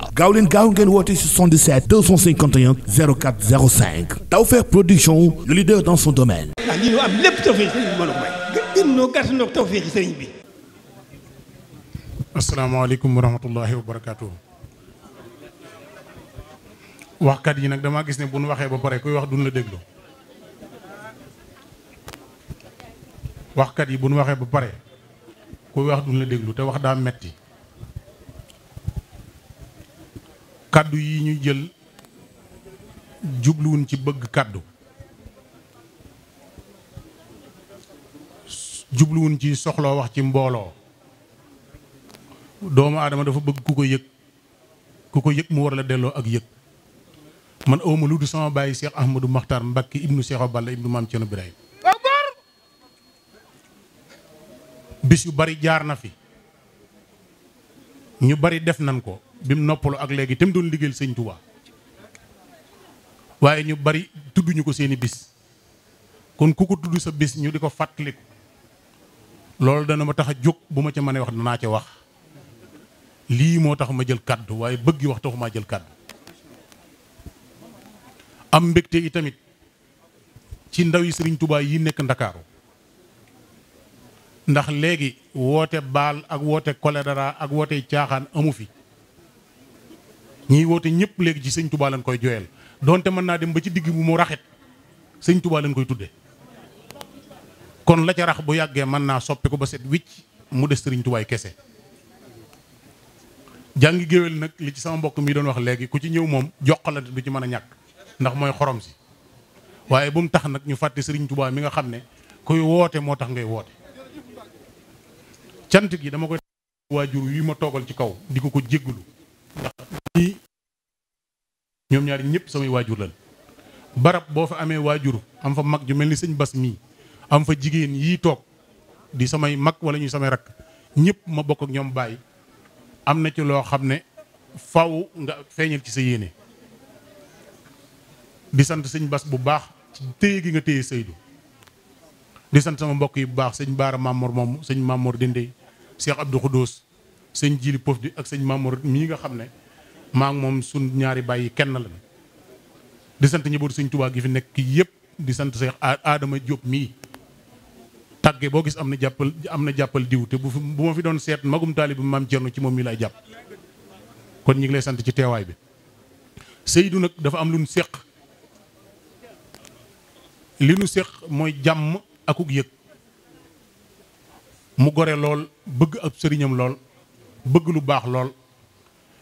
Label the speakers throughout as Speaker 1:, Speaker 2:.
Speaker 1: waaw gaaw leen gaaw ngeen woote 77 251 04 05 Tawfekh Production le leader dans son domaine.
Speaker 2: ah lii ñu am a
Speaker 3: may. yi nag damaa gis ne bu nu waxee ba pare kuy wax duñ la déglu. waxkat yi bu nu waxee ba pare kuy wax duñ la déglu te wax daa metti kàddu yi ñu jël jubluwun ci bëgg kàddu jubluwun ci soxloo wax ci mbooloo doomu aadama dafa bëgg ku ko yëg ku ko yëg mu war la delloo ak yëg man awma lu du sama bàyyi Cheikh maxtar Makhtar Mbacke ibnu Cheikh Balla ibnu maam Cerno Birahim bis yu bari jaar na fi ñu bari def nan ko bi mu noppalu ak léegi te mu doon liggéeyal sëñ Touba waaye ñu bari tudd ko seeni bis kon ku ko tudd sa bis ñu di ko fàttaliku loolu dana ma tax a jóg bu ma ci mënee wax danaa ca wax lii moo tax ma jël kàddu waaye bëgg wax taxu maa jël kàddu am mbégte yi tamit ci ndaw yi sëriñ Touba yi nekk ndakaaru ndax léegi woote baal ak woote choléra ak woote caaxaan amu fi ñiy woote ñëpp léegi ci sëñ tubaa lañ koy jooyal donte mën naa dem ba ci digg bu mu raxit sëñ tubaa lañ koy tudde kon la ca bu yàggee mën naa soppi ko ba set wicc mu des sëriñ tubaay kese jàngi géwél nag li ci sama mbokk mi doon wax léegi ku ci ñëw moom joxalante du ci mën a ñàkk ndax mooy xorom si waaye bu mu tax nag ñu fàtte sëriñ tubaa mi nga xam ne kuy woote moo tax ngay woote cant gi dama koy waajur yi ma toogal ci kaw di ko ko jéggulu ñoom ñaar ñëpp samay waajur lan barab boo fa amee waajur am fa mag ju mel ni sëñ bas mii am fa jigéen yii toog di samay mag wala ñuy samay rakk ñëpp ma bokk ak ñoom baay am na ci loo xam ne faw nga feeñal ci sa yéene di sant sëñ bas bu baax ci téye gi nga téye Seydou di sant sama mbokk yi bu baax sañ Baara Mamour moomu sëñ Mamour Dindey Cheikh Abdou Khoudous sëñ Jili Pof di ak sëñ Mamour mii nga xam ne maa moom suñ ñaari bàyyi kenn la di sant ñëbootu Sëñ Tuubaa gi fi nekk yëpp di sant Seex Aadama Jóob mii tàgge boo gis am na jàppal am na jàppal diw te bu bu ma fi doon seet magum taalib bi maam Cerno ci moom mi lay jàpp kon ñu ngi lay sant ci teewaay bi Seydou nag dafa am lu nu séq li nu séq mooy jàmm akuk yëg mu gore lool bëgg ab sëriñam lool bëgg lu baax lool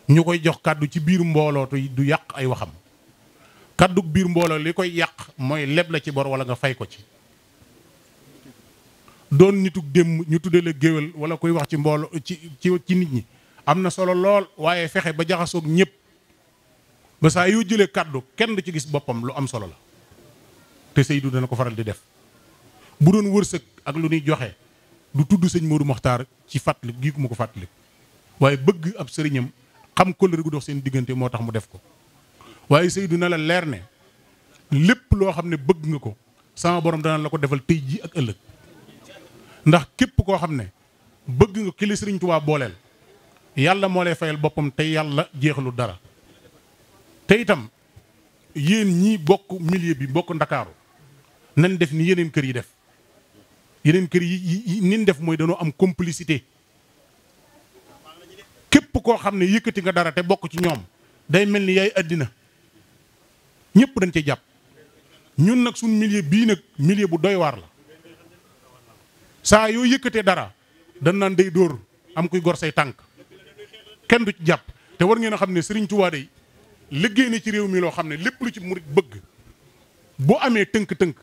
Speaker 3: ñu koy jox kàddu ci biir mbooloo du yàq ay waxam kàddu biir mbooloo li koy yàq mooy leb la ci bor wala nga fay ko ci doon nitug démb ñu tuddee la géwél wala koy wax ci mbooloo ci ci ci nit ñi am na solo lool waaye fexe ba jaxasoog ñëpp ba saa yoo jëlee kàddu kenn du ci gis boppam lu am solo la te du dana ko faral di def bu doon wërsëg ak lu nuy joxe du tudd sëñ Modou Mokhtar ci fàttali gii ku ma ko fàttali waaye bëgg ab sëriñam xam kóllëre gu dox seen diggante moo tax mu def ko waaye Seydou na la leer ne lépp loo xam ne bëgg nga ko sama borom dana la ko defal tey jii ak ëllëg ndax képp koo xam ne bëgg nga ki la Sëriñ booleel yàlla moo lay fayal boppam te yàlla jeexalu dara te itam yéen ñii bokk milieu bi bokk ndakaaru nañ def ni yeneen kër yi def yeneen kër yi yi nin def mooy danoo am complicité képp koo xam ne yëkkati nga dara te bokk ci ñoom day mel ni yaay àddina ñëpp dañ ci jàpp ñun nag suñ milieu bii nag milieu bu doy waar la saa yoo yëkkatee dara dañ naan day dóor am kuy gor say tànk kenn du ci jàpp te war ngeen a xam ne Serigne Touba day liggéey na ci réew mi loo xam ne lépp lu ci murit bëgg bu amee tënk-tënk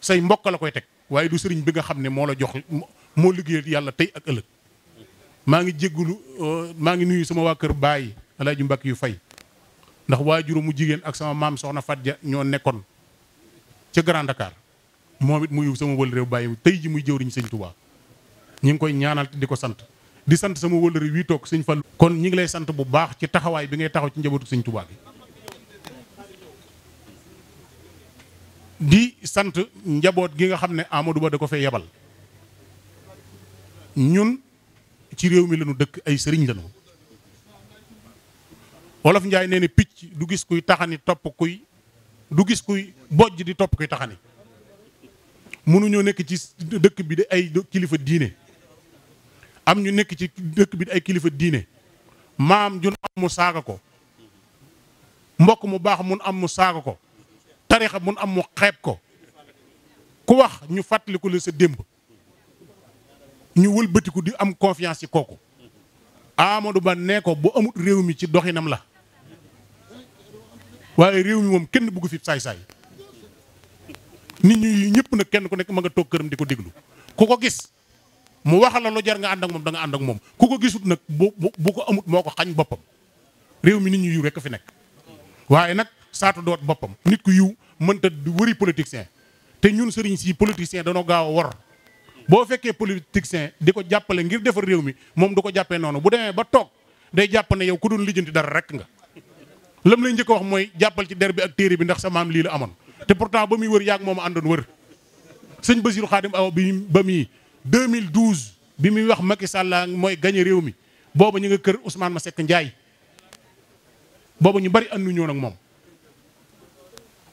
Speaker 3: say mbokk la koy teg waaye du sëriñ bi nga xam ne moo la jox moo liggéeyal yàlla tey ak ëllëg maa ngi jéggulu euh, maa ngi nuyu sama waa kër baay ju Mbàkke yu fay ndax waa waajuru mu jigéen ak sama maam soxna ja ñoo nekkoon ca Grand Dakar moom it muy sama wël réew bàyyi tey ji muy jëwriñ sëñ Touba ñi ngi koy ñaanal di ko sant di sant sama wëllëri wii toog sëñ Fallu kon ñi ngi lay sant bu baax ci taxawaay bi ngay taxaw ci njabootu sëñ Touba bi di sant njaboot gi nga xam ne Amadou Ba da ko fee yebal ci réew mi la dëkk ay sëriñ la ñu wolof njaay nee na picc du gis kuy taxani topp kuy du gis kuy bojj di topp kuy taxani mënuñoo nekk ci bi de ay diine am ñu nekk ci dëkk bi de ay kilifa diine maam jun am mu saaga ko mbokk mu baax mun am mu saaga ko tarixa mun am mu xeet ko ku wax ñu fàttaliku la sa démb ñu wëlbatiku di am confiance ci kooku Amadou Ba nee ko bu amut réew mi ci doxinam la waaye réew mi moom kenn bëggu fi saay-saay nit ñi ñëpp nag kenn ku nekk ma nga toog këram di ko déglu ku ko gis mu wax la lu jar nga ànd ak moom da ànd ak moom ku ko gisut nag bu bu ko amut moo ko xañ boppam réew mi nit ñu yiw rekk fi nekk waaye nag saatu doot boppam nit ku yiw mënta wëri politicien te ñun sëriñ si politicien danoo gaaw a wor boo fekkee politicien di ko jàppale ngir defar réew mi moom du ko jàppee noonu bu demee ba toog day jàpp ne yow ku doon lijjanti dara rek nga. lam lay njëkk wax mooy jàppal ci der bi ak téere bi ndax sa maam lii la amoon te pourtant ba muy wër yaag moom àndoon wër sëñ Basiru Xaadim Awa bi ba muy 2012 bi muy wax Macky sàllaa mooy gagné réew mi booba ñu nga kër ma Masseck Ndiaye booba ñu bari ànduñu woon nag moom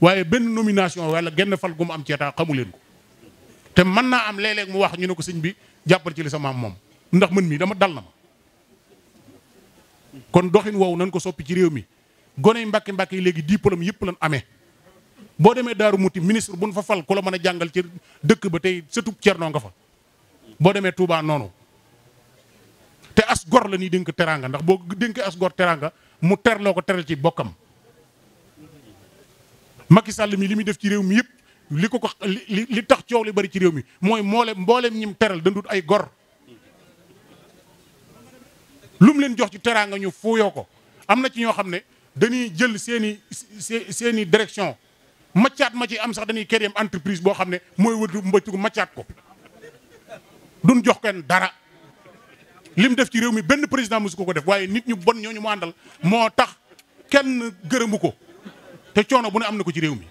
Speaker 3: waaye benn nomination wala genn fal gu mu am ci état xamu leen ko. te mën naa am léeg mu wax ñu ne ko sëñ bi jàppal ci li sa maam moom ndax mën mii dama dal na ma kon doxin woowu nañ ko soppi ci réew mi gone mbàkki mbàkki yi léegi diplôme yëpp lan amee boo demee daaru muti ministre buñ fa fal ku la mën a jàngal ci dëkk ba tey sëtub Cerno nga fa boo demee Touba noonu te as gor la ñuy dénk teraanga ndax boo dénkee as gor teraanga mu terloo ko tereel ci bokkam Macky Sall mi li muy def ci réew mi yëpp li ko ko li li tax coow li bari ci réew mi mooy mboolem ñi mu teral dandut ay gor lum leen jox ci teraanga ñu fuuyoo ko am na ci ñoo xam ne dañuy jël seeni seeni direction maccaat ma ci am sax dañuy kër yam entreprise boo xam ne mooy wëtu mbëccu maccaat ko duñ jox kenn dara lim def ci réew mi benn président mosu ko ko def waaye nit ñu bon ñooñu mu àndal moo tax kenn gërëmu ko te coono bu ne am na ko ci réew mi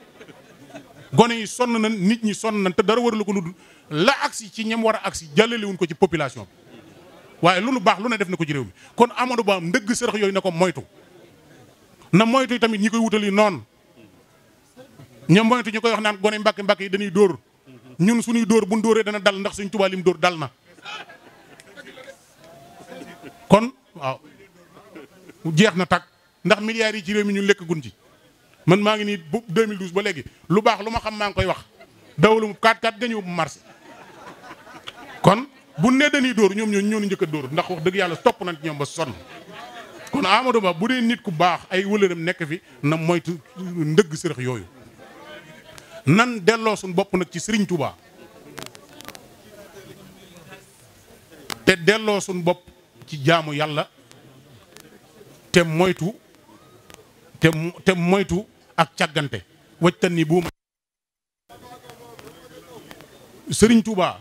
Speaker 3: gone yi sonn nañ nit ñi sonn nañ te dara la ko lu dul la agsi ci ñam war a agsi jàllale ko ci population bi waaye lu lu baax lu ne def na ko ci réew mi kon Amadou Ba ndëgg sërëx yooyu na ko moytu na moytu tamit ñi koy wutali noonu ña moytu ñu koy wax naan gone mbàkk mbàkk yi dañuy dóor ñun suñuy dóor buñ dóoree dana dal ndax suñ Tuubaa lim dóor dal na kon waaw jeex na takk ndax milliards yi ci réew mi ñun lekk gun ci man maa ngi nii bu 2012 ba léegi lu baax lu ma xam maa ngi koy wax dawalu mu 4-4 gañu mu marché kon bu ne dañuy dóor ñoom ñoo ñu njëkk dóor ndax wax dëgg yàlla topp nañ ci ñoom ba sonn kon Amadou Ba bu dee nit ku baax ay wëlëram nekk fi na moytu ndëgg sërëx yooyu nan delloo suñ bopp nag ci sëriñ Touba te delloo suñ bopp ci jaamu yàlla te moytu te te moytu ak càggante wajtan ni sëriñ Touba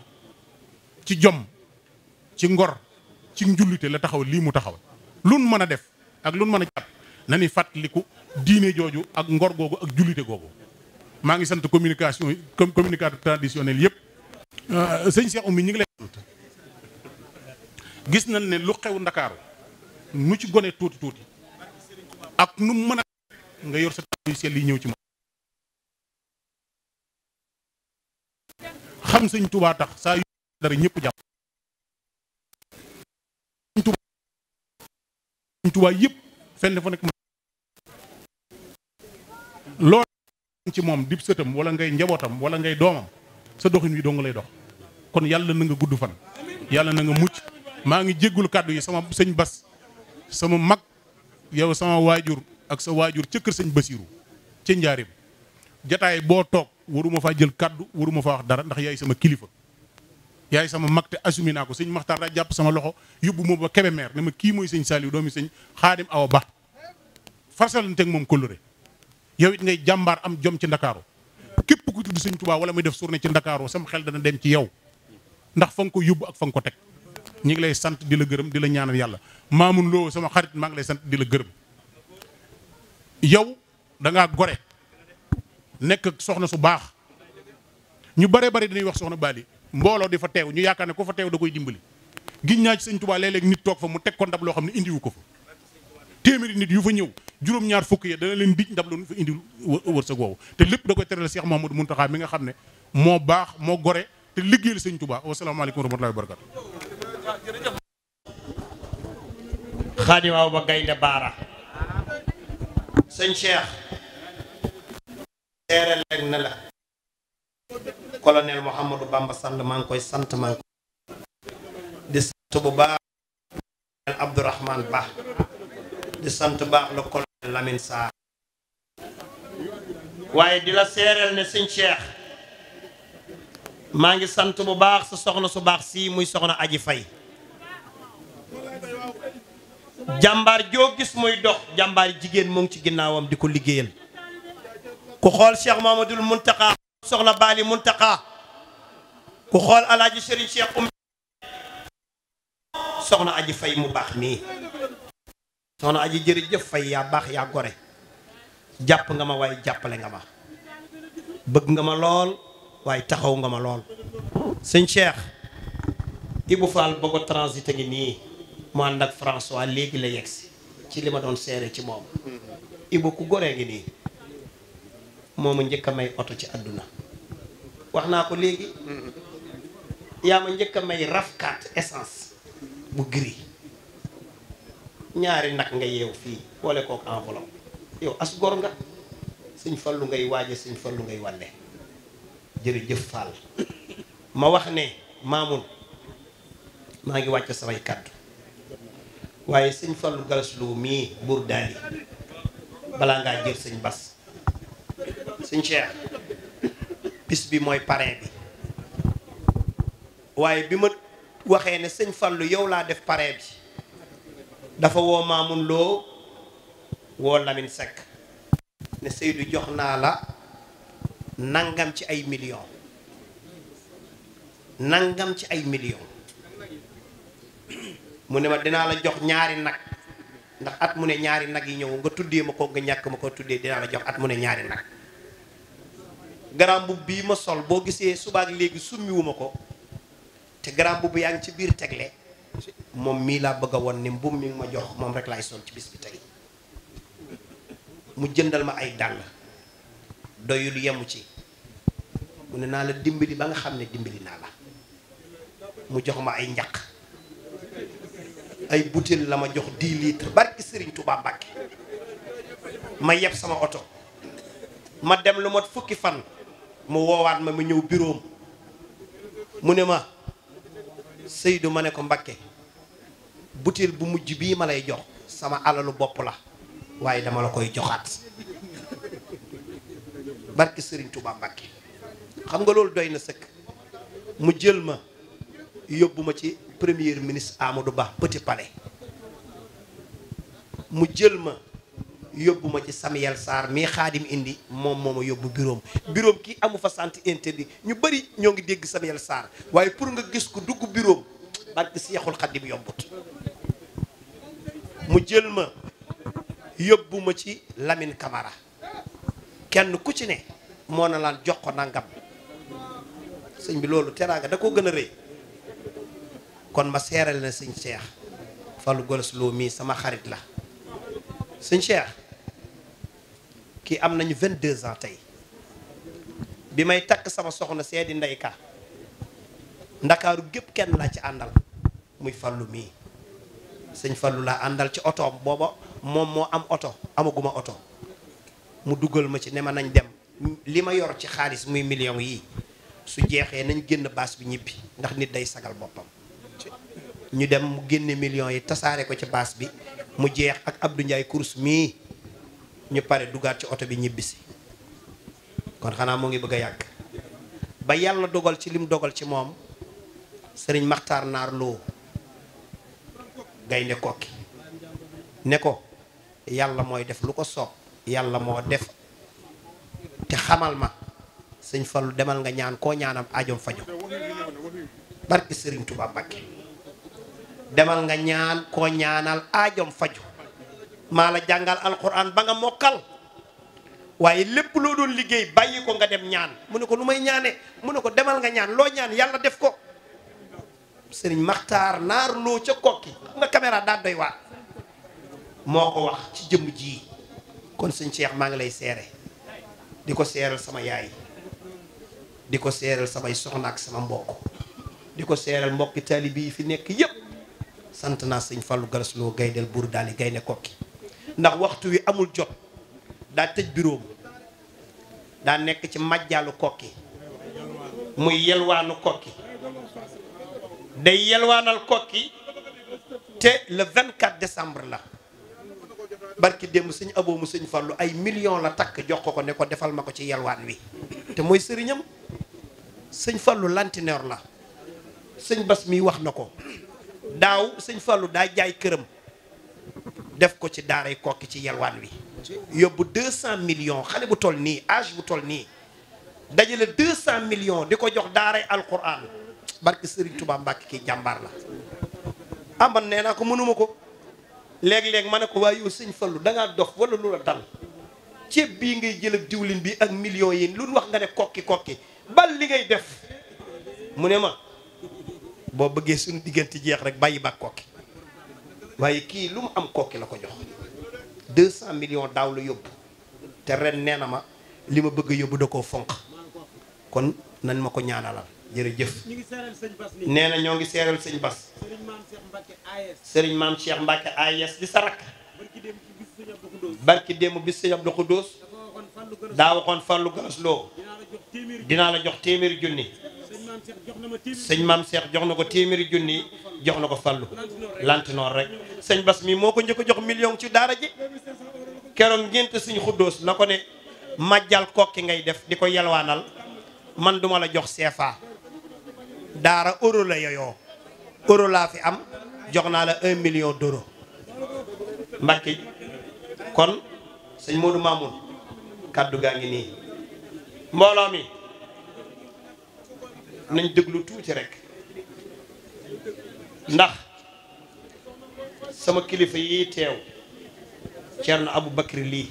Speaker 3: ci jom ci ngor ci njullite la taxaw lii mu taxaw lun mën a def ak lun mën a jàpp na ni fàttaliku diine jooju ak ngor googu ak jullite googu maa ngi sant communication communicateur traditionnel yëpp euh, sëñ Cheikh Oumy ñi ngi lay gis nañ ne lu xew ndakaaru nu ci gone tuuti tuuti ak nu mën nga yor sa tànk yu sell yi ñëw ci moom xam sëñ tubaa tax saa dara ñëpp jàpp sëñ tubaa yëpp fenn fa nekk lool ci moom dib sëtam wala ngay njabootam wala ngay doomam sa doxin wi doo lay dox kon yàlla na nga gudd fan yàlla na nga mucc maa ngi jéggul kàddu yi sama sëñ bas sama mag yow sama waajur ak sa waajur ca kër sëñ Basiiru ca njaareem jataay boo toog waruma faa jël kaddu waruma faa wax dara ndax yaay sama kilifa yaay sama mag te assumé naa ko sëñ Maxtaar daa jàpp sama loxo yóbbu moom ba Kébémer ne ma kii mooy sëñ Saliou doomi sëñ Xaadim Awa Ba farsalanteeg moom kóllëre yow it ngay jàmbaar am jom ci ndakaaru képp ku tudd sëñ Tuubaa wala muy def surne ci ndakaaroo sam xel dana dem ci yow ndax fa nga ko yóbbu ak fa ko teg ñi ngi lay sant di la gërëm di la ñaanal yàlla maamun loo sama xarit sant di la gërëm yow dangaa ngaa gore nekk soxna su baax ñu bare bari dañuy wax soxna Bali mbooloo di fa teew ñu yaakaar ne ku fa teew da koy dimbali. giñ naa ci sëñ Tuubaa nit toog fa mu teg ko ndab loo xam ne indiwu ko fa téeméeri nit yu fa ñëw juróom-ñaar fukk ya dana leen dij ndab lu fa indi sa woowu te lépp da koy teral Cheikh Mouhamadou Mountakha mi nga xam ne moo baax moo gore te liggéeyal sëñ Tuubaa wasalaamaaleykum wa rahmatullaahi
Speaker 2: wa barakaatu. sëñ Cheikh seere leeg ne la colonel Mouhamadou Bamba Sall maa ngi koy sant maa ngi di sant bu baax colonel Abdourahman Ba di sant baax la colonel Lamine Sarr waaye di la seereel ne sëñ Cheikh maa ngi sant bu baax sa soxna su baax sii muy soxna Aji fay jàmbaar joo gis muy dox jàmbaar jigéen mu ci ginnaawam di ko liggéeyal ku xool Cheikh Mamadul Muntaqa soxna Baali Muntaqa ku xool alaaji Serigne Cheikh Um soxna aji fay mu baax mii soxna aji jërëjëf fay yaa baax yaa gore jàpp nga ma waaye jàppale nga ma bëgg nga ma lool waaye taxaw nga ma lool sëñ Cheikh Ibou Fall ba ko transité ngi nii mu ànd ak François léegi la yegsi ci li ma doon seere ci moom Ibou ku goree ngi nii moomu njëkk a may oto ci àdduna wax naa ko léegi yaa ma njëkk a may rafkat essence bu gris ñaari nag nga yeew fii boole kook enveloppe yow as gor nga suñ fallu ngay waaje suñ lu ngay wàlle jërëjëf Fall ma wax ne maamun maa ngi wàcc samay kàddu waaye sëñ Fallou Galass Lo mii buur daal yi balaa ngaa jël sëñ Bas sëñ Cheikh bi mooy parrain bi waaye bi ma waxee ne sëñ Fallou yow laa def pare bi dafa woo Mamoun loo woo Lamine Seck ne Seydou jox naa la nangam ci ay millions nangam ci ay millions mu ne ma dinaa la jox ñaari nag ndax at mu ne ñaari nag yi ñëw nga tuddee ma ko nga ñàkk ma ko tuddee dinaa la jox at mu ne ñaari nag garaam bu bii ma sol boo gisee subaak léegi summiwuma ko te garaam bu yaa ngi ci biir tegle moom mii laa bëgg a woon ni mbubb mi ma jox moom rek laay sol ci bis bi tey mu jëndal ma ay dàll doyul yemu ci mu ne naa la dimbali ba nga xam ne dimbali naa la mu jox ma ay njaq ay butéel la ma jox 10 litres barki Serigne Touba Mbacke ma yeb sama oto ma dem lu mat fukki fan mu woowaat ma mu ñëw bureau mu ne ma Seydou ma ne ko Mbacke butéel bu mujj bii ma lay jox sama alalu bopp la waaye dama la koy joxaat barki Serigne Touba Mbacke xam nga loolu doy na sëkk mu jël ma yóbbu ma ci premier ministre Amadou baax Petit Palais mu jël ma yóbbuma ci Samuel Sarr mii xaadim indi moom moo ma yóbbu bureau am bureau kii amu fa sant interdit ñu bari ñoo ngi dégg Samuel saar waaye pour nga gis ko dugg bureau am barke Seexul Xaadim yombut mu jël ma yóbbuma ci Lamine kamara kenn ku ci ne moo na laan jox ko nangam sëñ bi loolu teraanga da koo gën a rëy. kon ma seeral na sëñ Cheikh Fallou Golass Lo mii sama xarit la sëñ Cheikh kii am nañu 22 ans tey bi may takk sama soxna seedi ndey ka ndakaaru gépp kenn laa ci àndal muy Fallou mii sëñ Fallou laa àndal ci otoom booba moom moo am oto amaguma oto mu dugal ma ci ne ma nañ dem li ma yor ci xaalis muy million yi su jeexee nañ génn baas bi ñippi ndax nit day sagal boppam ñu dem mu génne million yi tasaare ko ci baas bi mu jeex ak Abdou Ndiaye course mii ñu pare dugaat ci oto bi ñibbisi kon xanaa mu ngi bëgg a yàgg ba yàlla dogal ci lim dogal ci moom sëriñ Maxtaar Naar loo gaynde kokki ne ko yàlla mooy def lu ko soob yàlla moo def te xamal ma sëñ Fallu demal nga ñaan koo ñaanam ajoom fajo barki sëriñ Tuubaa Mbàkke demal nga ñaan koo ñaanal aajom faju maa la jàngal alxuraan ba nga mokkal waaye lépp loo doon liggéey bàyyi ko nga dem ñaan mu ne ko lu may ñaane mu ne ko demal nga ñaan loo ñaan yàlla def ko sëriñ maxtaar naar loo ca kokki nga caméra daa doy waat moo ko wax ci jëmm ji kon sëñ Cheikh maa ngi lay seere di ko seeral sama yaay di ko seeral samay soxna ak sama mbokk di ko seeral mbokki taalibe yi fi nekk yépp sant naa sëñ fallu Gallas Lo gayndeel buur daal di gaynde kokki ndax waxtu wi amul jot daa tëj bureau daa nekk ci majjaalu kokki muy yelwaanu kokki day yelwaanal kokki te le 24 décembre la barki démb sëñ aboomu sëñ Fallou ay millions la takk jox ko ko ne ko defal ma ko ci yelwaan wi te mooy sëriñam sëñ Fallou lantinoor la sëñ Bas mi wax na ko daaw sëñ Fallou daa jaay këram def ko ci daaray kokki ci yelwaan wi yóbbu 200 million xale bu toll nii âge bu toll nii dajale 200 million di ko jox daaray alquran barke sëriñ Touba Mbacke ki jàmbaar la ah man nee ko mënuma ko léeg-léeg ma ne ko waaye yow sëñ Fallou da dof wala lu la dal ceeb bii ngay jël diwlin bi ak millions yi lu wax nga ne kokki kokki bal li ngay def mu ne ma. boo bëggee suñu diggante jeex rek bàyyi baag kokki waaye kii lu mu am kokki la ko jox 200 millions daaw la yóbbu te ren nee na ma li ma bëgg yóbbu da koo fonk kon nañ ma ko ñaanalal jërëjëf nee na ñoo ngi seeral sëñ Bas sëriñ maam Cheikh Mbacke AES di sa rakk barki démb bis sëñ Abdou Khoudous daa waxoon fàllu gaas loo dinaa la jox téeméeri junni sëñ maam Cheikh jox na ko téeméeri junni jox na ko fàllu lantinoor rek sëñ bas mi moo ko njëkk jox million ci daara ji keroog ngént sëñ xuddoos la ko ne màjjal kokki ngay def di ko yelwaanal man duma la jox CFA daara euro la yoyoo euro laa fi am jox naa la un million d'euro mbakki kon sëñ Modou Mamoun kàddu gaa ngi nii mbooloo mi nañ déglu tuuti rek ndax sama kilifa yi teew na Abu Bakri lii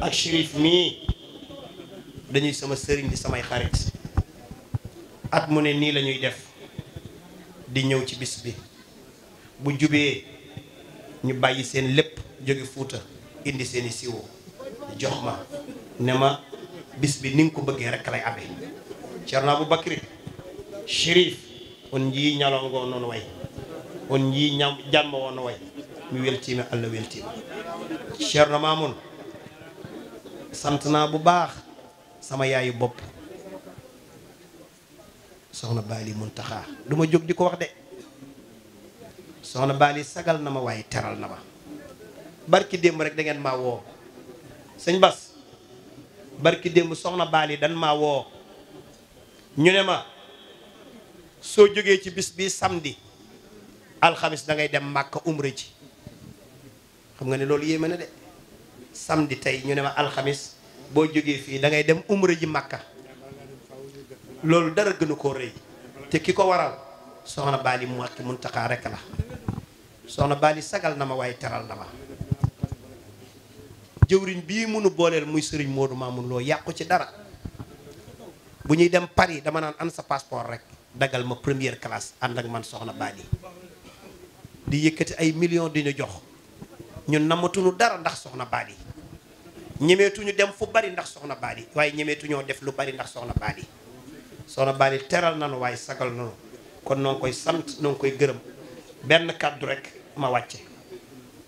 Speaker 2: ak Chérif mii dañuy sama sëriñ di samay xarit at mu ne nii lañuy def di ñëw ci bis bi bu jubee ñu bàyyi seen lépp jóge fuuta indi seeni siwo jox ma ne ma bis bi ni nga ko bëggee rekk lay abe bu aboubacry chérif on jii ñalongo noon way on jii jamma ono way mi weltima allah weltima ceerno mamoun sant naa bu baax sama yaayu bopp soxna baali muntaxaa du ma jóg di ko wax de soxna baali sagal na ma waaye teral na ma barki démb rek dangeen ngeen maa woo sëñ bas barki démb soxna baali dan maa woo ñu ne ma soo jógee ci bis bi samedi alxamis dangay dem màkka umra ji xam nga ne loolu yéeme na de samedi tey ñu ne ma alxamis boo jógee fii dangay dem umra ji màkka loolu dara gënu koo rëy te ki ko waral soxna baali mu wàkki muntaxaa rekk la soxna baali sagal na ma waaye teral na ma jëwriñ bii mënu booleel muy sëriñ Modou Mamoun loo yàqu ci dara bu ñuy dem par yi dama naan an sa passeport rek dagal ma première classe ànd ak man soxna Bally di yëkkati ay millions di ñu jox ñun namatuñu dara ndax soxna Bally ñemeetuñu dem fu bari ndax soxna Bally waaye ñemeetuñoo def lu bari ndax soxna Bally soxna Bally teral nanu waaye sagal nanu kon noo koy sant noo koy gërëm benn kàddu rek ma wàcce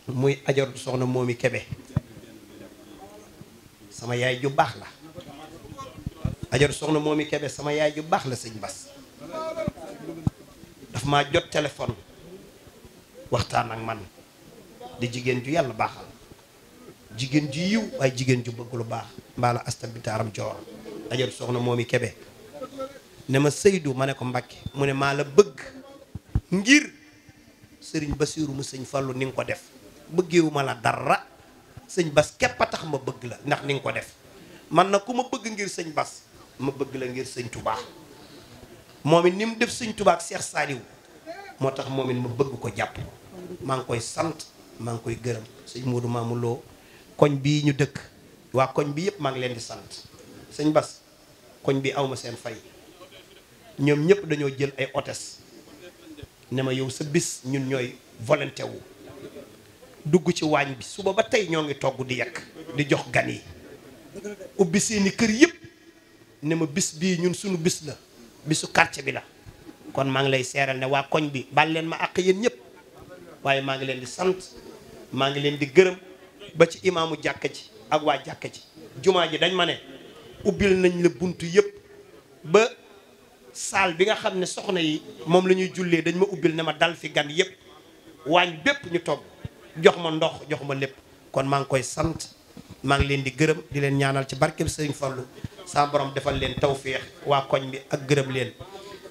Speaker 2: muy ajar soxna Momi kebe sama yaay ju baax la ajar soxna moom i kebe sama yaay ju baax la sëñ Bas daf maa jot téléphone waxtaan ak man di jigéen ju yàlla baaxal jigéen ju yiw waaye jigéen ju bëgg lu baax mbaala asta bitaaram joor ajar soxna moom i kebe ne ma Seydou ma ne ko Mbacke mu ne maa la bëgg ngir sëriñ Basiiru mu sëñ Fallu ni nga ko def bëggeewu ma la dara sëñ Bas képp a tax ma bëgg la ndax ni nga ko def man na ku ma bëgg ngir sëñ Bas ma bëgg la ngir sëñ tubaa moom it ni mu def sëñ tubaa ak Seex Saaliw moo tax moom ma bëgg ko jàpp maa ngi koy sant maa ngi koy gërëm sëñ Moodu Maamu Loo koñ bii ñu dëkk waa koñ bi yëpp maa ngi leen di sant sëñ Bas koñ bi awma seen fay ñoom ñëpp dañoo jël ay otes ne ma yow sa bis ñun ñooy volentewu dugg ci waañ bi suba ba tey ñoo ngi togg di yekk di jox gan yi ubbi seeni kër yëpp ne ma bis bii ñun suñu bis la bisu quartier bi la kon maa ngi lay seeral ne waa koñ bi bal leen ma àq yéen ñëpp waaye maa ngi leen di sant maa ngi leen di gërëm ba ci imaamu jàkka ji ak waa jàkka ji jumaa ji dañ ma ne ubbil nañ la bunt yëpp ba saal bi nga xam ne soxna yi moom la ñuy jullee dañ ma ubbil ne ma dal fi gan yëpp waañ bépp ñu togg jox ma ndox jox ma lépp kon maa ngi koy sant maa ngi leen di gërëm di leen ñaanal ci barkeb Sëriñ Fallu saa boroom defal leen tawféex waa koñ bi ak gërëm leen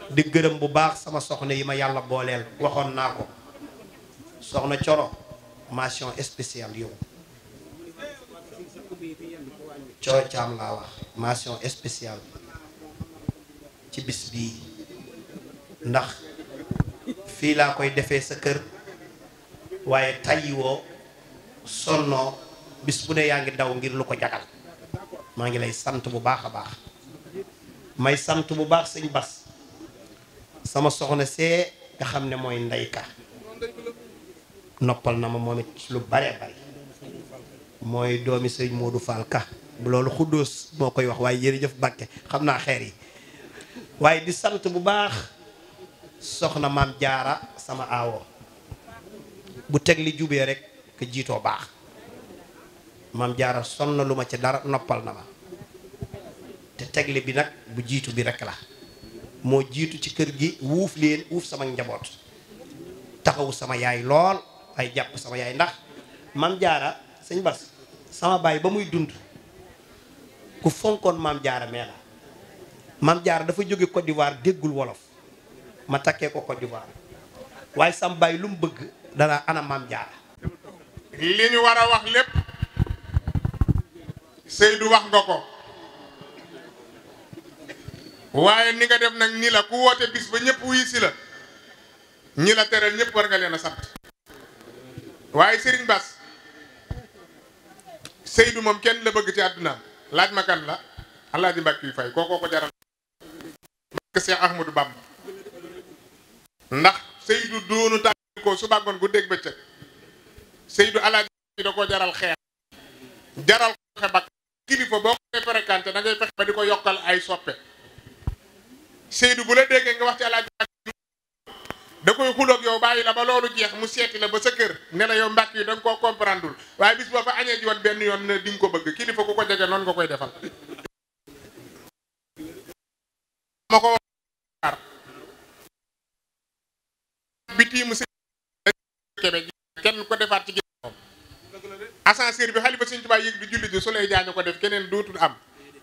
Speaker 2: di gërëm bu baax sama soxna yi ma yàlla booleel waxoon naa ko soxna coro mention spéciale yow coro caam laa wax mention spéciale ci bis bii ndax fii laa koy defee sa kër waaye tayyiwoo sonnoo bis bu ne yaa ngi daw ngir lu ko jagal maa ngi lay sant bu baax a baax may sant bu baax sëñ Bas sama soxna see nga xam ne mooy ndeyka noppal na ma moom it lu bare bare mooy doomi sëñ Modou Fall ka bu loolu xuddoos moo koy wax waaye jërëjëf Bakke xam naa xeer yi waaye di sant bu baax soxna maam jaara sama aawo bu teg li jubee rek jiitoo baax maam jaara sonn lu ma ci dara noppal na ma te tegle bi nag bu jiitu bi rek la moo jiitu ci kër gi wuuf leen wuuf sama njaboot taxawu sama yaay lool ay jàpp sama yaay ndax maam jaara sëñ bas sama baay ba muy dund ku fonkoon maam jaara mee la maam jaara dafa jóge Côte d'Ivoire déggul wolof ma takkee ko Côte d'Ivoire waaye sama baay lu mu bëgg dana ana maam jaara li ñu war a
Speaker 4: wax lépp Seydou wax nga ko waaye ni nga def nag ni la ku woote bis ba ñëpp wuyu si la ñi la teral ñëpp war nga leen a sant waaye Serigne Bass Seydou moom kenn la bëgg ci àdduna laaj ma kan la Alaaji Mbàkke Fay kookoo ko jaral ak Seex du Bamba ndax Seydou doonu tàgg ko su bàggoon gu dégg bëccëg Seydou Alaaji da koo jaral xeex jaral ko xe kilifa boo koy fréquenté da ngay fexe ba di ko yokkal ay soppe Seydou bu la déggee nga wax ci alaaj da koy xuloog yow bàyyi la ba loolu jeex mu seeti la ba sa kër ne la yow mbàkk yi koo comprendre waaye bis boo fa añee ji benn yoon ne ko bëgg kilifa ko ko jege noonu nga koy defal ma ko waxar kenn ko defaat ci ascenseur bi xalifa sëñ Tuubaa yéeg di julli ji su lay jaañu ko def keneen dootul am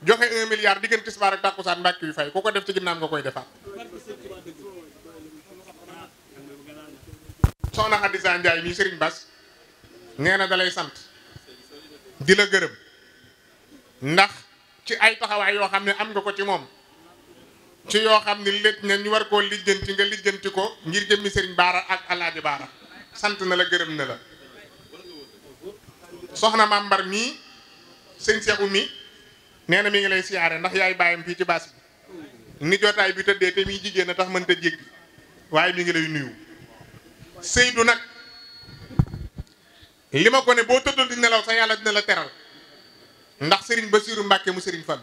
Speaker 4: joxe un milliard diggante tisbaar ak tàkkusaan mbàkk yu fay ku ko def ci ginnaaw nga koy defaat soxna Xadisa Njaay mii sëriñ Bas nee na sant di gërëm ndax ci ay taxawaay yoo xam ne am nga ko ci moom ci yoo xam ne lépp na ñu war koo lijjanti nga lijjanti ko ngir jëmmi sëriñ Baara ak alaaji Baara sant na la gërëm na la soxna maam Mbar mii sëñ Seexu mi nee na mi ngi lay siyaare ndax yaay bàyyam fii ci baas bi ni jotaay bi tëddee te muy jigéen a tax mën ta jéggi waaye mi ngi lay nuyu Seydou nag li ma ko ne boo tëddal di nelaw sa yàlla dina la teral ndax sëriñ ba Basiiru Mbàkke mu sëriñ Fall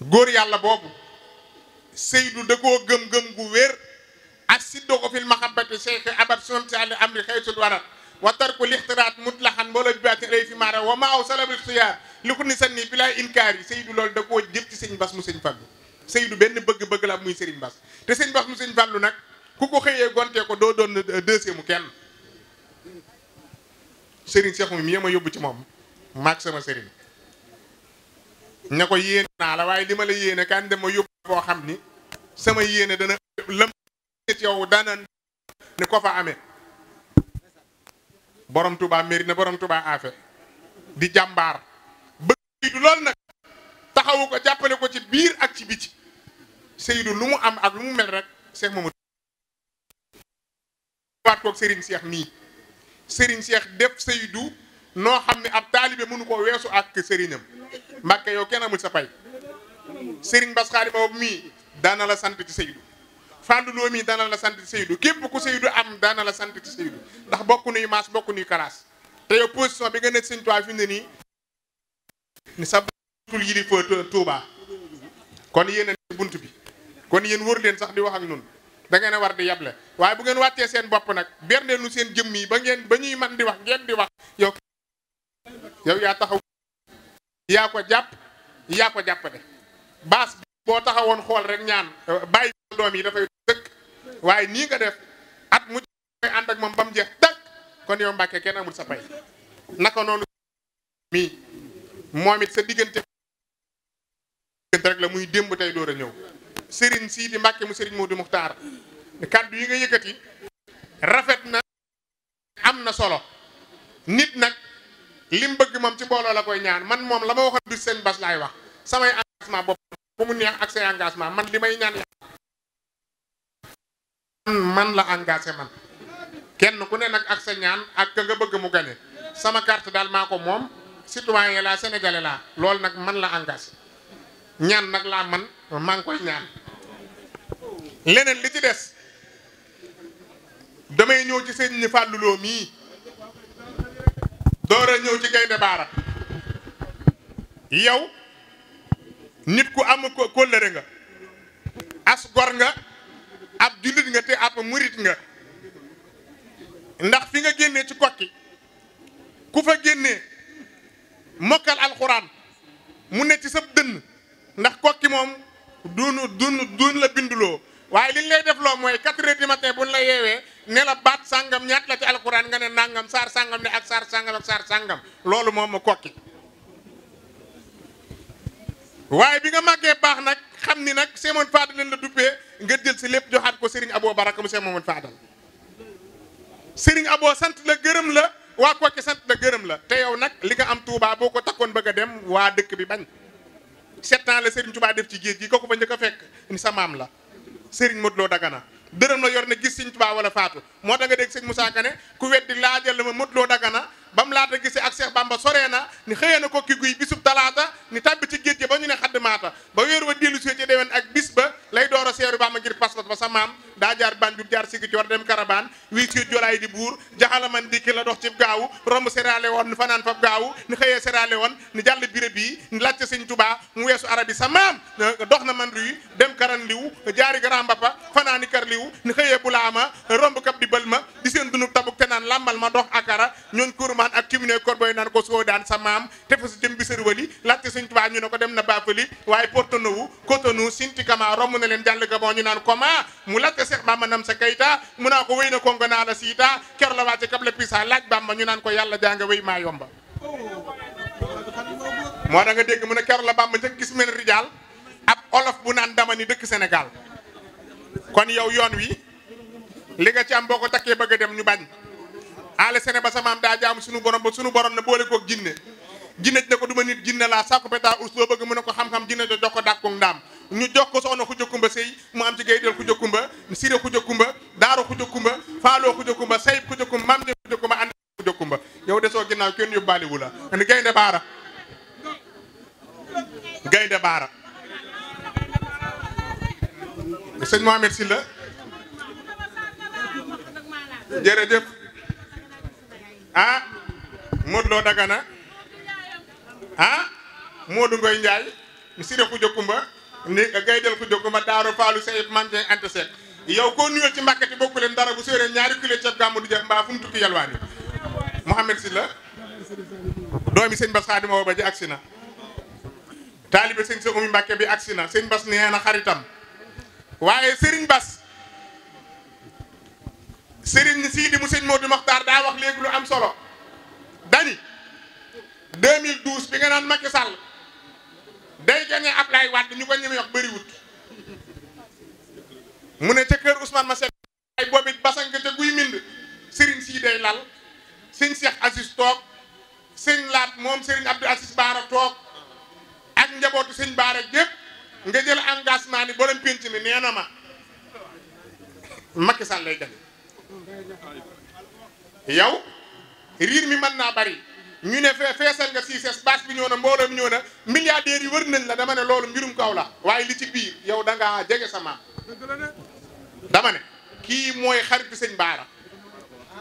Speaker 4: góor yàlla boobu Seydou da koo gëm-gëm gu wér ak siddoo ko fil mahabbati cheikh abab sumam si àll amri xaytul warat wa tarku lixtiraat mutlaxan mbooloo bi baatin rëy fi maara wa ma aw salabul xiyaar li ko ni sanni bi laay inkaar yi Seydou loolu da koo jëf ci sëñ Bass mu sëñ Fallu Seydou benn bëgg-bëgg la muy Serigne Bass te sëñ Bass mu sëñ Fallu nag ku ko xëyee gontee ko doo doon deuxième mu kenn Serigne Cheikh mi ma yóbbu ci moom maag sama Serigne ne ko yéene naa la waaye li ma la yéene kan dem ma yóbbu boo xam ni sama yéene dana lam yow dana ne ko fa amee borom tubaa Touba Mérina borom Touba Afe di jàmbaar bëgg Seydou loolu nag taxawu ko jàppale ko ci biir ak ci biti Seydou lu mu am ak lu mu mel rek Cheikh Mamadou waat koog mii Serigne Cheikh def Seydou noo xam ne ab taalibe mënu ko weesu ak sëriñam Mbàkke kenn amul sa pay mii daana la sant ci Seydou Fallou Lo mi dana la sant Seydou képp ku Seydou am dana la sant Seydou ndax bokk nuy maas bokk nuy kalaas te yow position bi nga nekk sëñ Tuubaa fi ne nii ni sa buntul yi di fa Tuubaa kon yéen a bunt bi kon yéen wër leen sax di wax noonu nun ne ngeen a war di yable waaye bu ngeen wàccee seen bopp nag berndee lu seen jëmm yi ba ngeen ba ñuy man di wax ngeen di wax yow yow yaa taxaw yaa ko jàpp yaa ko jàppale baas boo taxawoon xool rek ñaan bàyyi doom yi dafay dëkk waaye nii nga def at mu koy ànd ak moom ba mu jeex dëkk kon yow Mbàkke kenn amul sa pay naka noonu mii moom it sa diggante diggante rek la muy démb tey door a ñëw Serigne Sidi Mbàkke mu Serigne Modou Muxtaar kàddu yi nga yëkkati rafet na am na solo nit nag lim bëgg moom ci mbooloo la koy ñaan man moom la ma waxoon du seen bas wax samay engagement bopp mu neex ak say engagement man li may ñaan man la engagé man kenn ku ne nag ak sa ñaan ak ka nga bëgg mu gañe sama carte daal maa ko moom citoyen laa sénégalais laa loolu nag man la engage ñaan nag laa man maa ngi koy ñaan leneen li ci des damay ñëw ci sëñ ni Fallou Lo mii door a ñëw ci Gaynde Baara yow nit ku am ko kóllëre nga as gor nga ab jullit nga te ab murit nga ndax fi nga génnee ci kokki ku fa génnee mokkal alxuraan mu ne ci sab dënn ndax kokki moom duunu duun duun la binduloo waaye li ñu lay def loo mooy quatre heures du matin buñ la yeewee ne la baat sàngam ñaat la ci alxuraan nga ne nàngam saar sàngam ne ak saar sàngam ak saar sàngam loolu moom ma kokki waaye bi nga màggee baax nag xam ni nag Cheikh Mamadou Fadal leen la duppee nga jël si lépp joxaat ko Serigne Abo Baraka mu Cheikh Mamadou Fadal Serigne Abo sant la gërëm la waa Koki sant la gërëm la te yow nag li nga am Touba boo ko takkoon bëgg a dem waa dëkk bi bañ sept ans la Serigne Touba def ci géej gi ko ba njëkk a fekk sa maam la Serigne Modou daggana Dagana dërëm la yor ne gis Serigne Touba wala faatu moo tax nga dégg Serigne Moussa ne ku weddi laajal la ma Modou Lo ba mu laata gisee ak Cheikh Bamba soree na ni xëyee na ko ki guy bisub talaata ni tàbbi ci géej gi ba ñu ne xadd maata ba weer wa dellu si ci dewen ak bis ba lay door a seeru Bamba ngir pas-pas ba sa maam daa jaar Banjul jaar sigi coor dem karabaan wii si jolaay di buur jaxala man dikki la dox ci gaawu romb seraale woon ni fanaan fab gaawu ni xëyee seraale woon ni jàll biré bii ni laajte sëñ Tubaa mu weesu arabi sa maam dox na man ruy dem karan liw jaari grand ma di seen dunub tabuk te naan làmbal ma dox akara waxtaan ak cumune korboy naan ko soo daan sa maam tefesu jëm bi sërwali laajte sëñ Tuubaa ñu ne ko dem na baafali waaye Portonou Cotonou Sinti Kama romb na leen jàll Gabon ñu naan comment mu laajte Seex Bamba sa kayta mu naa ko wéy na kongo naa la siita ker la wàcce kable pisa laaj Bamba ñu naan ko yàlla janga wéy maa yomba moo da nga dégg mu ne ker la Bamba njëkk gis men rijaal ab olof bu naan dama ni dëkk Sénégal kon yow yoon wi li nga ci am boo ko takkee a aale sene ba samaam daa jaamu sunu borom ba sunu borom ne boole koo jinne jinne ne ko duma nit jinne laa sàkku péta urs loo bëgg mu ne ko xam-xam jinne jo jox ko dàkku ndaam ñu jox ko soxna xuja kumba sëy mu am ci gaydel xuja kumba sire xuja kumba daaro xuja kumba faaloo xuja ginnaaw kenn yóbbaaliwu la gaynde baara gaynde baara sëñ Mohamed Sylla jërëjëf ah Modou Lo Dagana ah Modou Ngoy Njaay mi sire ku jokkumba ni gaydel ku jokkumba daaro faalu sayib mante ante seet yow koo nuyoo ci mbàkkati bokku leen dara bu séeréer ñaari kilo ceeb gàmmu du jeex mbaa fu mu tukki yalwaani Mouhamed Sylla doomi sëñ Bass Xaadima ba ji agsi na taalibe sëñ sa umi Mbàkke bi agsi na sëñ Bass nee na xaritam waaye sëriñ Bass Serigne Sidi mu sëñ Modou Makhtar daa wax léegi lu am solo dani 2012 bi nga naan Macky Sall day gagné Ablaye Wade ñu ko ñemee wax bëriwut mu ne ca kër Ousmane Masek ay boobu it basan nga ca guy mind Serigne sii day lal sëñ Cheikh Aziz toog sëñ Laat moom Serigne Abdou Aziz Baara toog ak njabootu sëñ Baara gépp nga jël engagement ni borom pénc mi nee na ma Macky Sall lay yow riir mi mën naa bari ñu ne fee feesal nga siis espace bi ñëw na mbooloo mi ñëw na milliardaires yi wër nañ la dama ne loolu mbirum kaw la waaye li ci biir yow da ngaa jege sama dama ne kii mooy xarit bi sëñ Baara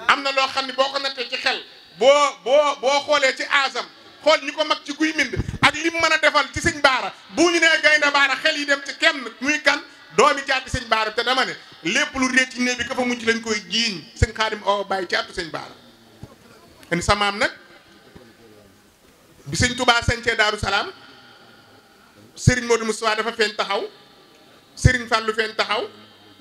Speaker 4: am na loo xam ne boo ko nattee ci xel boo boo boo xoolee ci aasam xool ñu ko mag ci guy mind ak li mu mën a defal ci sëñ Baara bu ñu nee gaynde Baara xel yi dem ci kenn muy kan doomi caatu sëñ baara te dama ne lépp lu réer ci néeg bi ka fa mucc lañ koy jiiñ sëñ xaadim oo bàyyi caatu señ baara en samaam nag bi sëñ tubaa sancee daaru salaam sëriñ Modou Moustapha dafa feeñ taxaw sëriñ Fallou feeñ taxaw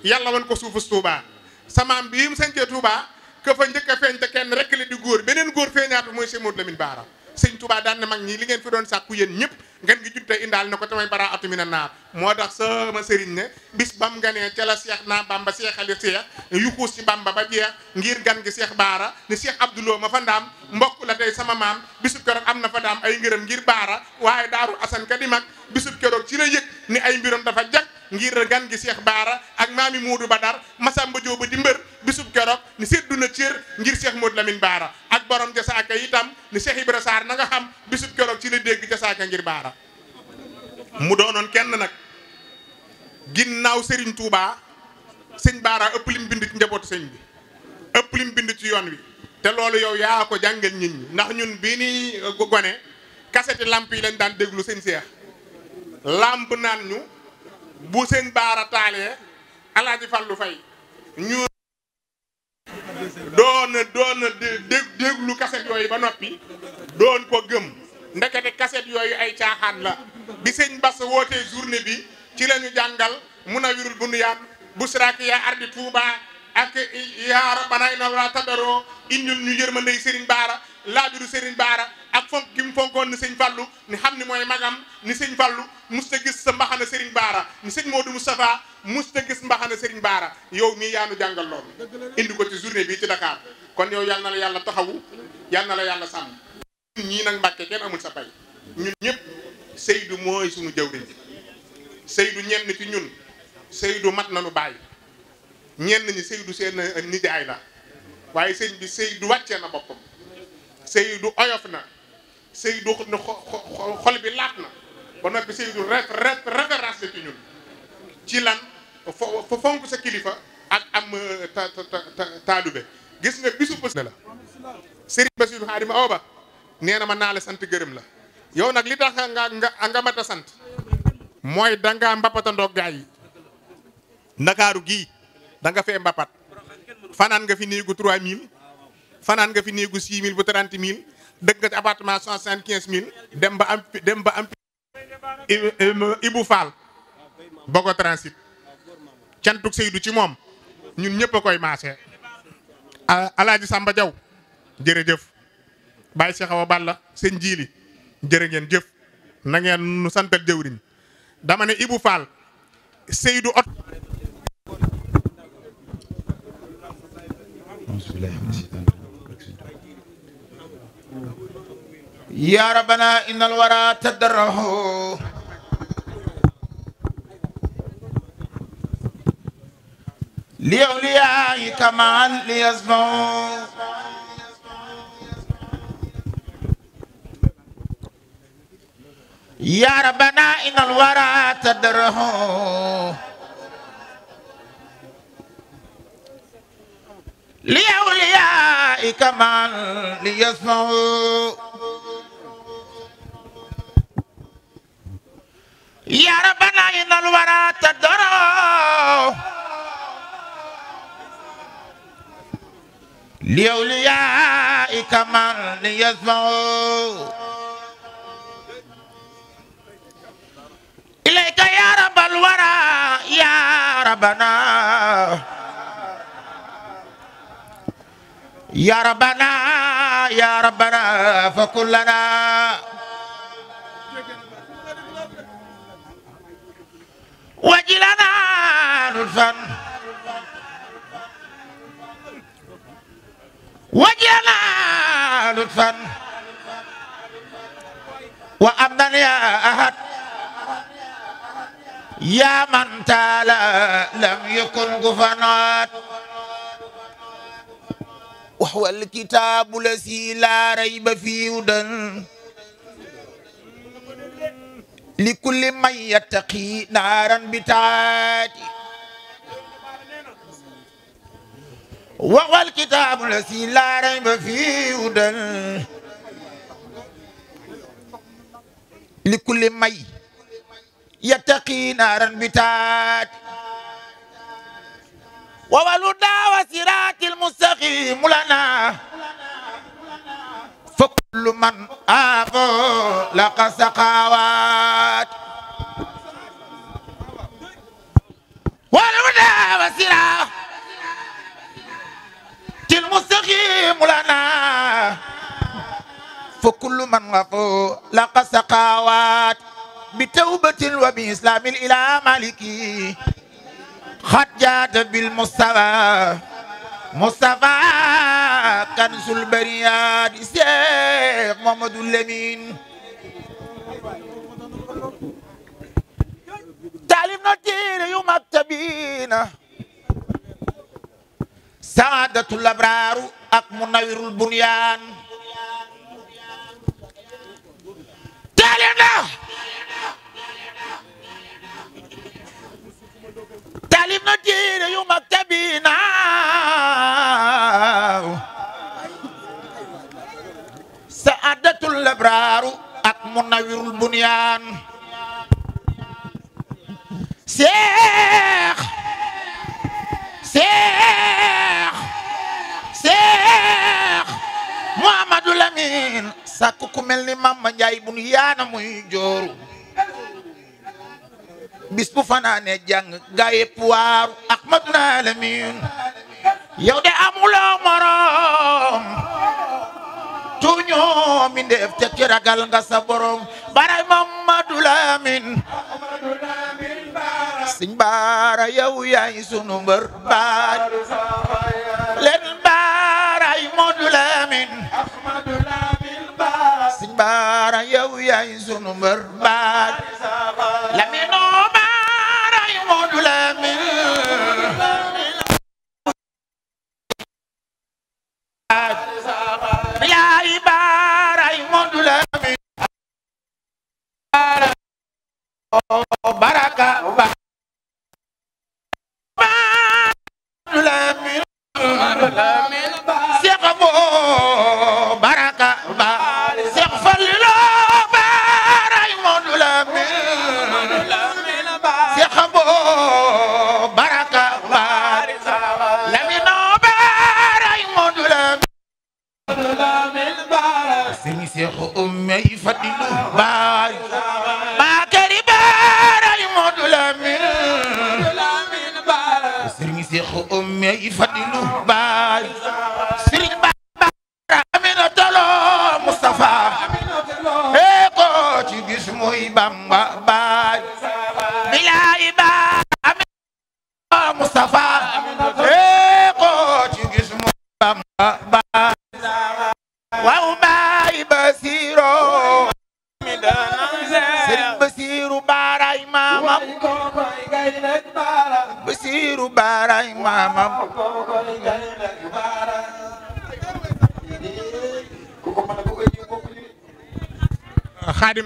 Speaker 4: yàlla wan ko suufus Touba samaam bii mu sancee Touba ka fa njëkk a feeñ te kenn rek la di góor beneen góor feeñaatu mooy sëñ Modou Lamine Baara sëñ Touba daan na mag ñi li ngeen fi doon sàkku yéen ñëpp ngan gi junte indaal na ko tamay bara atumina naar moo tax sama sëriñ ne bis bam nga ca la seex naa bamba seexali seex yu xuus ci bamba ba jeex ngir gan gi seex baara ni seex abduloo ma fa ndaam mbokk la tey sama maam bisu keroog am na fa daam ay ngërëm ngir baara waaye daaru asan ka mag bisub keroog ci la yëg ni ay mbiram dafa jag ngir gan gi Cheikh Baara ak maami Moodu masaa Masamba Jooba di mbër bisub keroog ni seddu na cër ngir Cheikh Moodu Lamine Baara ak borom jasaaka itam ni Cheikh Ibra Sarr na nga xam bisub keroog ci la dégg jasaaka ngir Baara mu doonoon kenn nag naaw sëriñ Touba sëñ Baara ëpp lim bind ci njabootu sëñ bi ëpp lim bind ci yoon wi te loolu yow yaa ko jàngal nit ñi ndax ñun bi nii gone kaseti lamp yi lañ daan déglu sëñ Cheikh làmb naan ñu bu seen baara taalee alaaji Fallu Fay ñu doona doona déglu kaset yooyu ba noppi doon ko gëm ndekete kaset yooyu ay caaxaan la bi sëñ Bass wootee journée bi ci lañu jàngal mun a wirul bu nu yaan busraaki yaa ardi Touba ak yaa rabbana inna la tadaroo indil ñu yërmandey Serigne Baara laabiru Serigne Baara ak fonk gi mu fonkoon ni sëñ Fallou ni xam ni mooy magam ni sëñ Fallou musta gis sa mbaxana sëriñ Baara ni sëñ Modou Moustapha musta gis mbaxana Serigne Baara yow mii yaanu jàngal loolu indi ko ci journée bii ci Dakar kon yow yal na la yàlla taxawu yal na la yàlla sàmm ñii nag Mbàkke kenn amul sa pay ñun ñëpp Seydou mooy suñu jawriñ ji Seydou ñenn ci ñun Seydou mat na nu bàyyi ñenn ñi Seydou seen eh, nijaay la waaye sëñ bi Seydou wàccee na boppam Seydou oyof na Seydou ne xol bi laat na ba noppi Seydou ref ref référence la ci ñun ci lan fo fonk sa kilifa ak am euh, ta ta taalube gis nga bisu bés ne la Serigne Bassirou Khadima Awa Ba nee na ma naa la sant gërëm la yow nag li tax nga nga nga mat a sant mooy dangaa mbapatandoog gaa yi ndakaaru gii da nga fee mbapat fanaan nga fi néegu 3000 fanaan nga fi néegu 6000 bu 30000 dëkk ci appartement cent soixante quinze mille dem ba am dem ba am Ibou Fall Bogo transit cantuk Seydou ci moom ñun ñëpp a koy maase alaaji Samba Diaw jërëjëf Baye Cheikh Awa Balla seen jiili jërë ngeen jëf nangeen ngeen nu santal jëwriñ dama ne Ibou Fall Seydou ot
Speaker 5: يا ربنا إن الورى تدره لأوليائك معا ليسمعوا يا ربنا إن الورى تدره لأوليائك معا ليسمعوا يا ربنا إن الورى تدرو لأوليائك من ليسمعوا إليك يا رب الورى يا ربنا يا ربنا يا ربنا فكلنا وجلنا لطفا وجلنا لطفا وأمنا يا أحد يا من تالا لم يكن غفنات وهو الكتاب الذي لا ريب فيه هدى li kulli man yattaqi naaran bi taati waxal kitaabu la si laa rayba fii hudan li kulli may yattaqi naaran bi taati wawalu daawa siraatil mustaqiim lana فكل من آبوا لقى سقاوات والهدى وسيرة المستقيم لنا فكل من غفو لقى سقاوات بتوبة وبإسلام الإله مالكي خد جاد بالمستوى Moustapha kansul bariyaad Cheikh Mouhamadou Lamine taalif na téere yu mag tabiina saadatul abraaru ak munawirul bunyaan taalif na salim seex seex seex lamin sakku ku mel ni Mama Njaay bunyaan muy jooru bis bu fanaane jàng gaa yëpp waaru ahmadul alamin yow de amuloo morom tuñoo mi ndeef te ki nga sa borom baray mamadul amin siñ baara yow yaay sunu mbër baaj leen baaray modul amin siñ baara yow yaay sunu mbër baaj
Speaker 6: laminoo
Speaker 5: baraka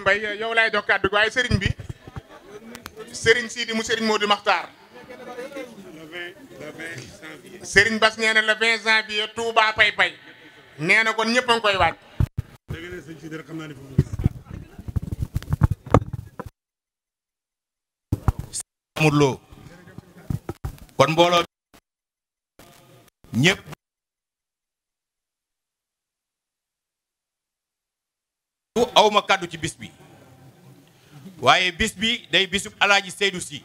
Speaker 4: Mbaye yow laay jox kàddu waaye sëriñ bi sëriñ Sidi mu sëriñ Modou Makhtar sëriñ Bas nee na le 20 janvier Touba Pay Pay nee na kon ñëpp a ngi koy waaj.
Speaker 7: amuloo kon mbooloo ñëpp aw ma kàddu ci bis bi waaye bis bi day bisub alaaji Seydou si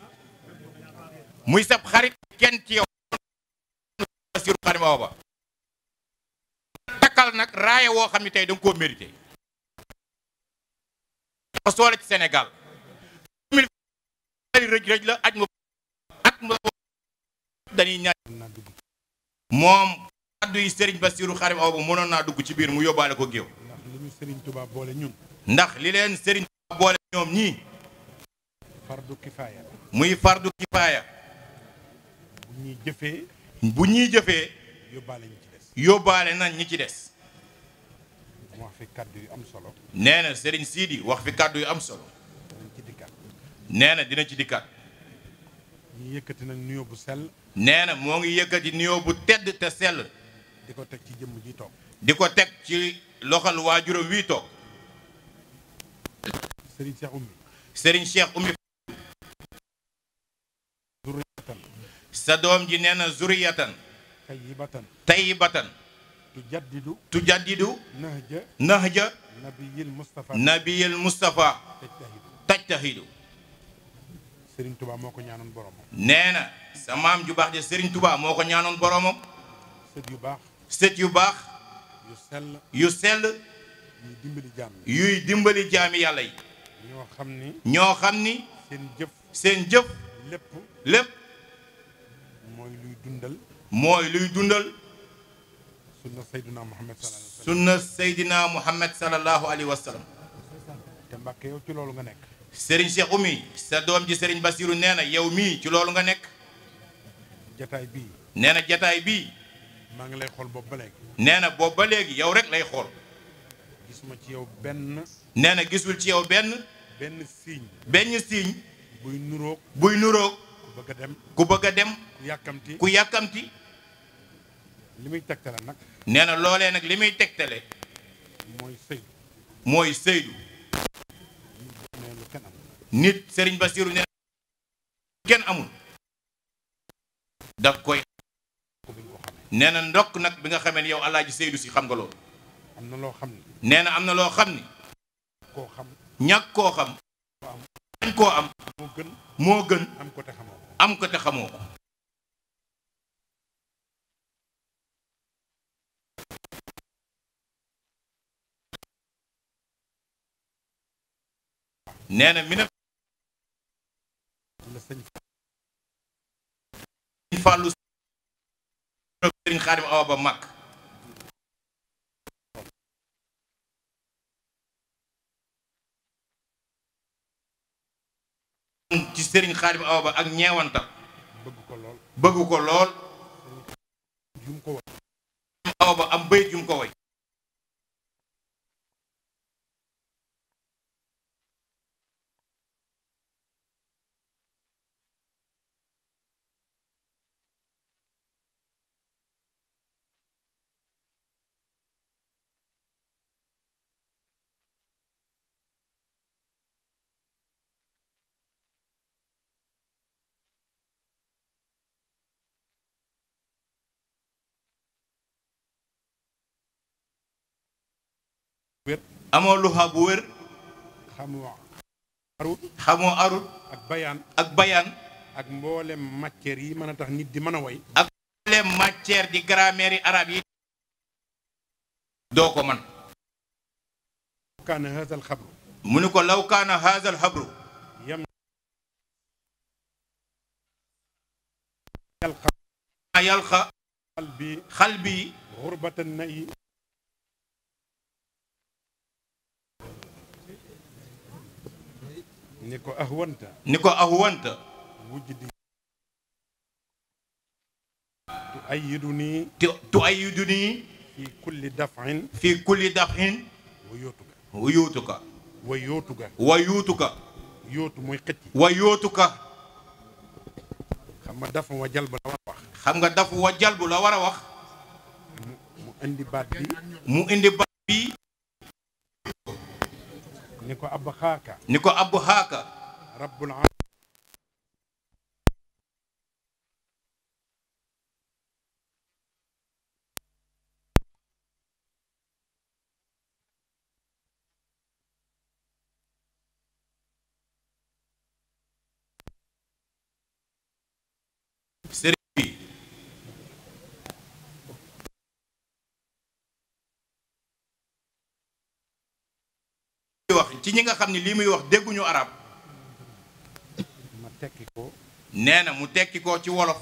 Speaker 7: muy sab xarit kenn ci yow Bassirou Khadim Awa Ba takkal nag raaya woo xam ne tey danga koo mérité ko soole ci Sénégal rëj rëj la aj mu at mu dañuy ñaan moom kàddu mënoon naa dugg ci biir mu yóbbaale ko géew Serigne Touba boole ñun. ndax li leen Serigne Touba boole ñii. fardu muy fardu kifaaya. bu ñuy bu ñuy jëfee. yóbbaale yóbbaale nañ ñi ci des. wax fi kàddu yu am solo. nee na Serigne Sidi wax fi kàddu yu am solo. ci dikkaat. nee na dina ci dikkaat. yëkkati nag nuyoo bu sell. nee na moo ngi yëkkati nuyoo bu tedd te sell. di ko teg ci jëmm ji toog. di ko teg ci. loxol waajuram wii toog sëriñ Cheikh Oumy Serigne Cheikh Oumy sa doom ji nee na zuriyatan tayyibatan tayyibatan tujaddidu tujaddidu nahja nahja nabiyil mustafa nabiyil mustafa tajtahidu Serigne Touba moo ko ñaanoon boromam nee sa maam ju baax de Serigne Touba moo ko ñaanoon boromam sët yu baax yu sell yuy dimbali jaami yàlla yi ñoo xam ni ñoo xam ni seen jëf seen jëf lépp lépp mooy luy dundal mooy luy dundal
Speaker 8: sunna Seydina Muhammad
Speaker 7: sunna Seydina Muhammad sallallahu alayhi wa sallam te Mbàkke ci loolu nga nekk Serigne Cheikh Oumy sa doom ji Serigne Bassirou nee na yow mii ci loolu nga nekk jataay bii nee na jataay bii maa ngi lay xool boobu ba léegi. nee na boobu ba léegi yow rek lay xool. gisuma ci yow benn. nee na gisul ci yow benn. benn signe. benn siiñ buy nuroog. buy nuroog. ku bëgg a dem. ku yàkkamti ku yàkkamti. li muy tegtale nag. nee na loolee nag li muy tegtale. mooy sëydu. mooy sëydu. nit sëriñ Bassirou nee na kenn amul. daf koy nee na ndokk nag bi nga xamee ne yow alaaji Seydou si xam nga loolu.
Speaker 8: am na loo xam ne.
Speaker 7: nee na am na loo xam ni. koo xam ñàkk koo xam. dañ koo am. moo gën moo gën. am ko te xamoo ko am ko te xamoo ko. nee na mi ne. la sëñ Fallou sëriñ Xaadim Awa mag ci sëriñ Xaadim Awa Ba ak ñeewantam bëgg ko lool bëgg ko lool Awa Ba am bëyit yu ko way amoo luxa bu wér. xamoo arut. xamoo arut. ak bayaan ak bayaan. ak mboolem matière yi mën a tax nit di mën a way. ak mboolem matière di grammaire arab yi. doo ko man kaana haazal xabru. mu ni ko law kaana haazal xabru. yam. yalqa. yalqa.
Speaker 8: xal bi xal yi.
Speaker 7: ni ko ahwanta ni ko ahwanta wujdi tuayyiduni tuayyiduni fi kulli daf'in fi kulli daf'in wuyutuka wuyutuka wuyutuka wuyutuka yootu mooy xëcc wuyutuka xam nga dafa wa jalbu la war wax xam nga dafa wa jalbu la war a wax mu indi baat mu indi baat abxaaka ni ko abxaaka rabbul ci ñi nga xam ne lii muy wax dégguñu arab
Speaker 8: ma tekki ko. nee na
Speaker 7: mu tekki ko ci wolof.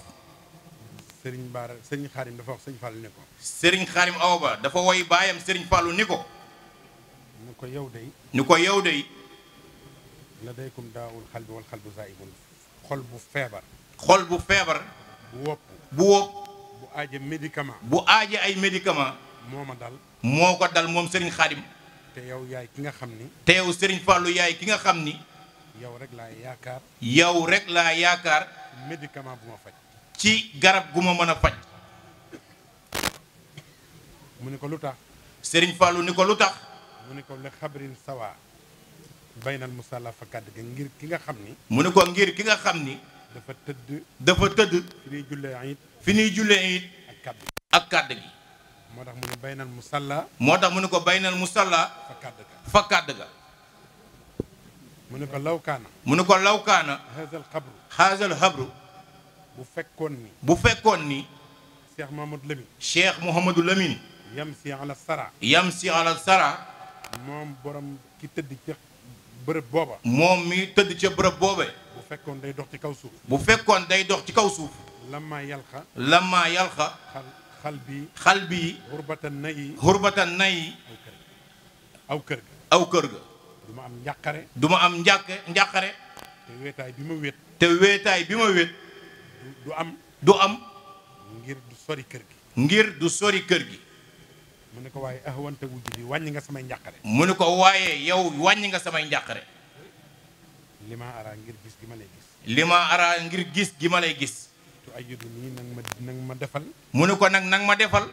Speaker 7: sëriñ Baara Serigne Xaarim dafa wax Serigne Fallou ni ko. sëriñ Xaarim Awa Ba dafa woy baayam sëriñ Fallou ni ko. ni ko yow dey. ni ko yow dey.
Speaker 8: ladaykum daawul xalbi wal xalbu zaibun
Speaker 7: xol bu feebar. xol bu feebar. bu wopp bu wopp. bu aaje médicament. bu aaje ay médicament. moo ma dal. moo ko dal moom Serigne Xaarim. te yow yaay ki nga xam ni. te yow sëriñ Fallou yaay ki nga xam ni. yow rek laa yaakaar. yow rek laa yaakaar. médicament bu ma faj. ci garab gu ma mën a faj. mu ni ko lu tax. sëriñ Fallou ni ko lu tax. mu ni
Speaker 8: ko le xabrin sawa baynal musalla fa kàdd ga ngir ki nga xam ni.
Speaker 7: mu ni ko ngir ki nga xam ni. dafa tëdd. dafa tëdd. fi ñuy jullee it. fi ñuy jullee it. ak kàdd gi. moo tax mu ne baynal musalla moo tax mu ne ko baynal musalla fa kàdd ga fa kàdd mu ne ko lawkaana mu ne ko lawkaana haazal xabru haazal xabru bu fekkoon ni bu fekkoon ni cheikh Mouhamadou Lamine cheikh Mouhamadou Lamine yam si ala sara yam si sara moom borom ki tëdd ca bërëb booba moom mi tëdd ca bërëb boobe bu fekkoon day dox ci kaw suuf bu fekkoon day dox ci kaw suuf lammaa yalxa lammaa yalxa xalbi bi xurbatan nayi xurbatan nayi aw kër ga aw kër ga du ma am njàqare du ma am njàqe njàqare te weetaay bi ma wét te weetaay bi ma wét du am du am ngir du sori kër gi ngir du sori kër gi
Speaker 8: mu ne ko waaye ahwante wujudi wàññi nga samay njàqare
Speaker 7: mu ne ko waaye yow wàññi nga samay njàqare li araa ngir gis gi ma lay gis ma defal. mu ne ko nag nag ma defal.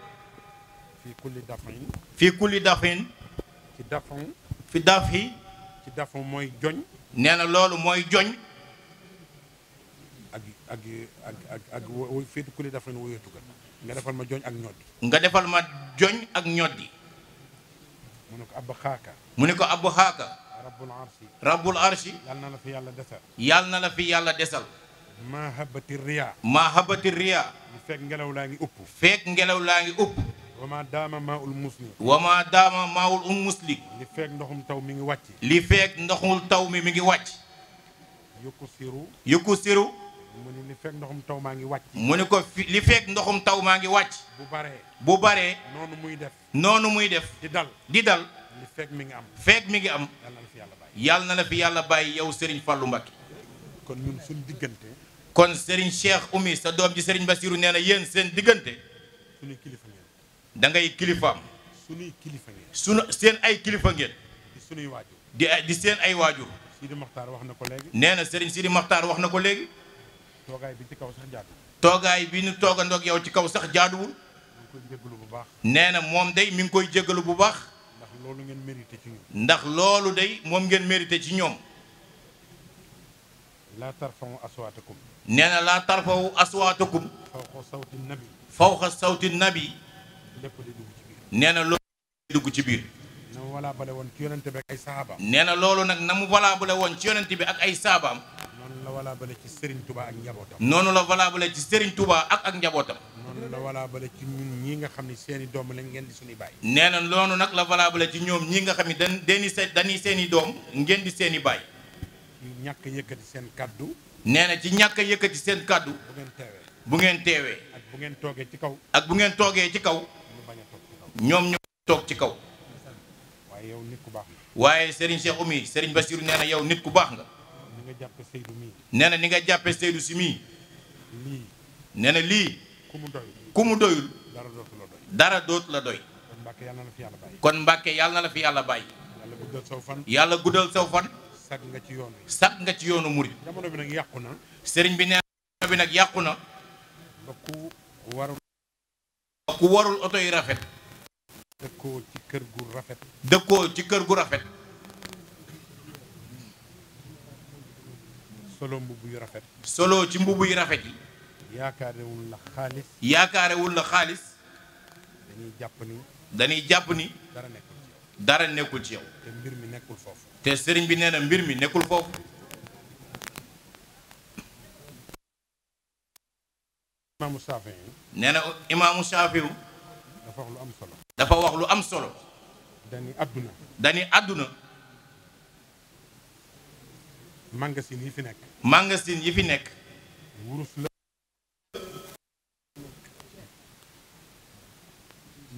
Speaker 7: fii kulli fii kulli dafin. ci dafon. fi daf yi. ci dafon mooy joñ. nee na loolu mooy joñ.
Speaker 8: ak ak ak ak ak fii kulli dafin wóoyatu nga defal ma
Speaker 7: joñ ak ñoddi. nga defal ma joñ ak ñoddi. mu ne ko ab xaaka. mu ne ko abbu xaaka. rabbul arsi. rabbul arsi. yal na la fi yàlla desal.
Speaker 8: maa habati riyaa. maa habati riyaa. feek ngelaw laa ngi upp.
Speaker 7: feek ngelaw laa ngi upp. wama daama maawul musli. wama daama maawul um musli. li feek ndoxum taw mi ngi wàcc. li feek ndoxul taw mi mi ngi wàcc. yokku siru. mu ni li feek ndoxum taw maa ngi wàcc. mu ni ko fi ndoxum taw maa ngi wàcc. bu baree. bu baree. noonu muy def. noonu muy def. di dal di dal. li feek mi ngi am. feek mi ngi am. yàlla na la fi yàlla bàyyi. yàlla na la fi yàlla bàyyi yow Serigne Fallou kon diggante. kon Serigne Cheikh Oumy sa doom ji Serigne Bassirou nee na yéen seen diggante. suñuy kilifa ngeen. da ngay kilifaam.
Speaker 8: suñuy kilifa ngeen.
Speaker 7: sunu seen ay kilifa ngeen. di sunuy di di seen ay waajur. Sidi Maxtaar wax na ko léegi. nee na Serigne Sidi Maxtaar wax na ko léegi. toogaay bi ci kaw sax toogaay bi ñu toogandoog yow ci kaw sax jaaduwul. nee na moom day mi ngi koy jégalu bu baax.
Speaker 8: ndax loolu ngeen mérité ci
Speaker 7: ndax loolu day moom ngeen mérité ci ñoom. laa tarfa'u aswaatakum. nee na laa tarfawu aswaatakum fawqa sawti nabi nee na loolu woon ci biir nee na loolu nag na mu valable woon ci yonent bi ak ay saabaam noonu la valable ci sëriñ tubaa ak njabootam noonu la valable ci sëriñ tubaa ak ak njabootam noonu la valable ci ñun ñi nga xam ne seeni doom lañ ngeen di suñuy baay nee na nag la valable ci ñoom ñi nga xam ne dañ dañuy seen dañuy seeni doom ngeen di seeni baay ñàkk yëkkati seen kaddu nee na ci ñàkk a yëkkati seen kàddu bu ngeen teewee ak bu ngeen toogee ci kaw ak bu ngeen toogee ci kaw ñoom ñu toog ci kaw waaye yow nit ku baax waaye Serigne Cheikh Oumy Serigne na yow nit ku baax nga nee na ni nga jàppee Seydou si mii nee na lii ku mu doyul dara dootu la doy kon Mbàkke yàlla na la fi yàlla bàyyi yàlla guddal saw fan yàlla guddal saw fan sàkk nga ci yoonu sàkk nga ci yoonu murid jamono bi nag yàqu na sëriñ bi nee jamono nag yàqu na ba ku warul oto yi rafet dëkkoo ci kër gu rafet dëkkoo ci kër gu rafet solo mbubb yu rafet solo ci mbubb yu rafet yi yaakaarewul la xaalis yaakaarewul la xaalis dañuy jàpp ni dañuy jàpp ni dara nekkul ci yow nekkul ci yow te mbir mi nekkul foofu te sëriñ bi nee na mbir mi nekkul foofu imaamu Saafi nee imaamu Saafi dafa wax lu am solo dafa dani àdduna dani àdduna magasin yi fi nekk màngasin yi fi nekk wurus la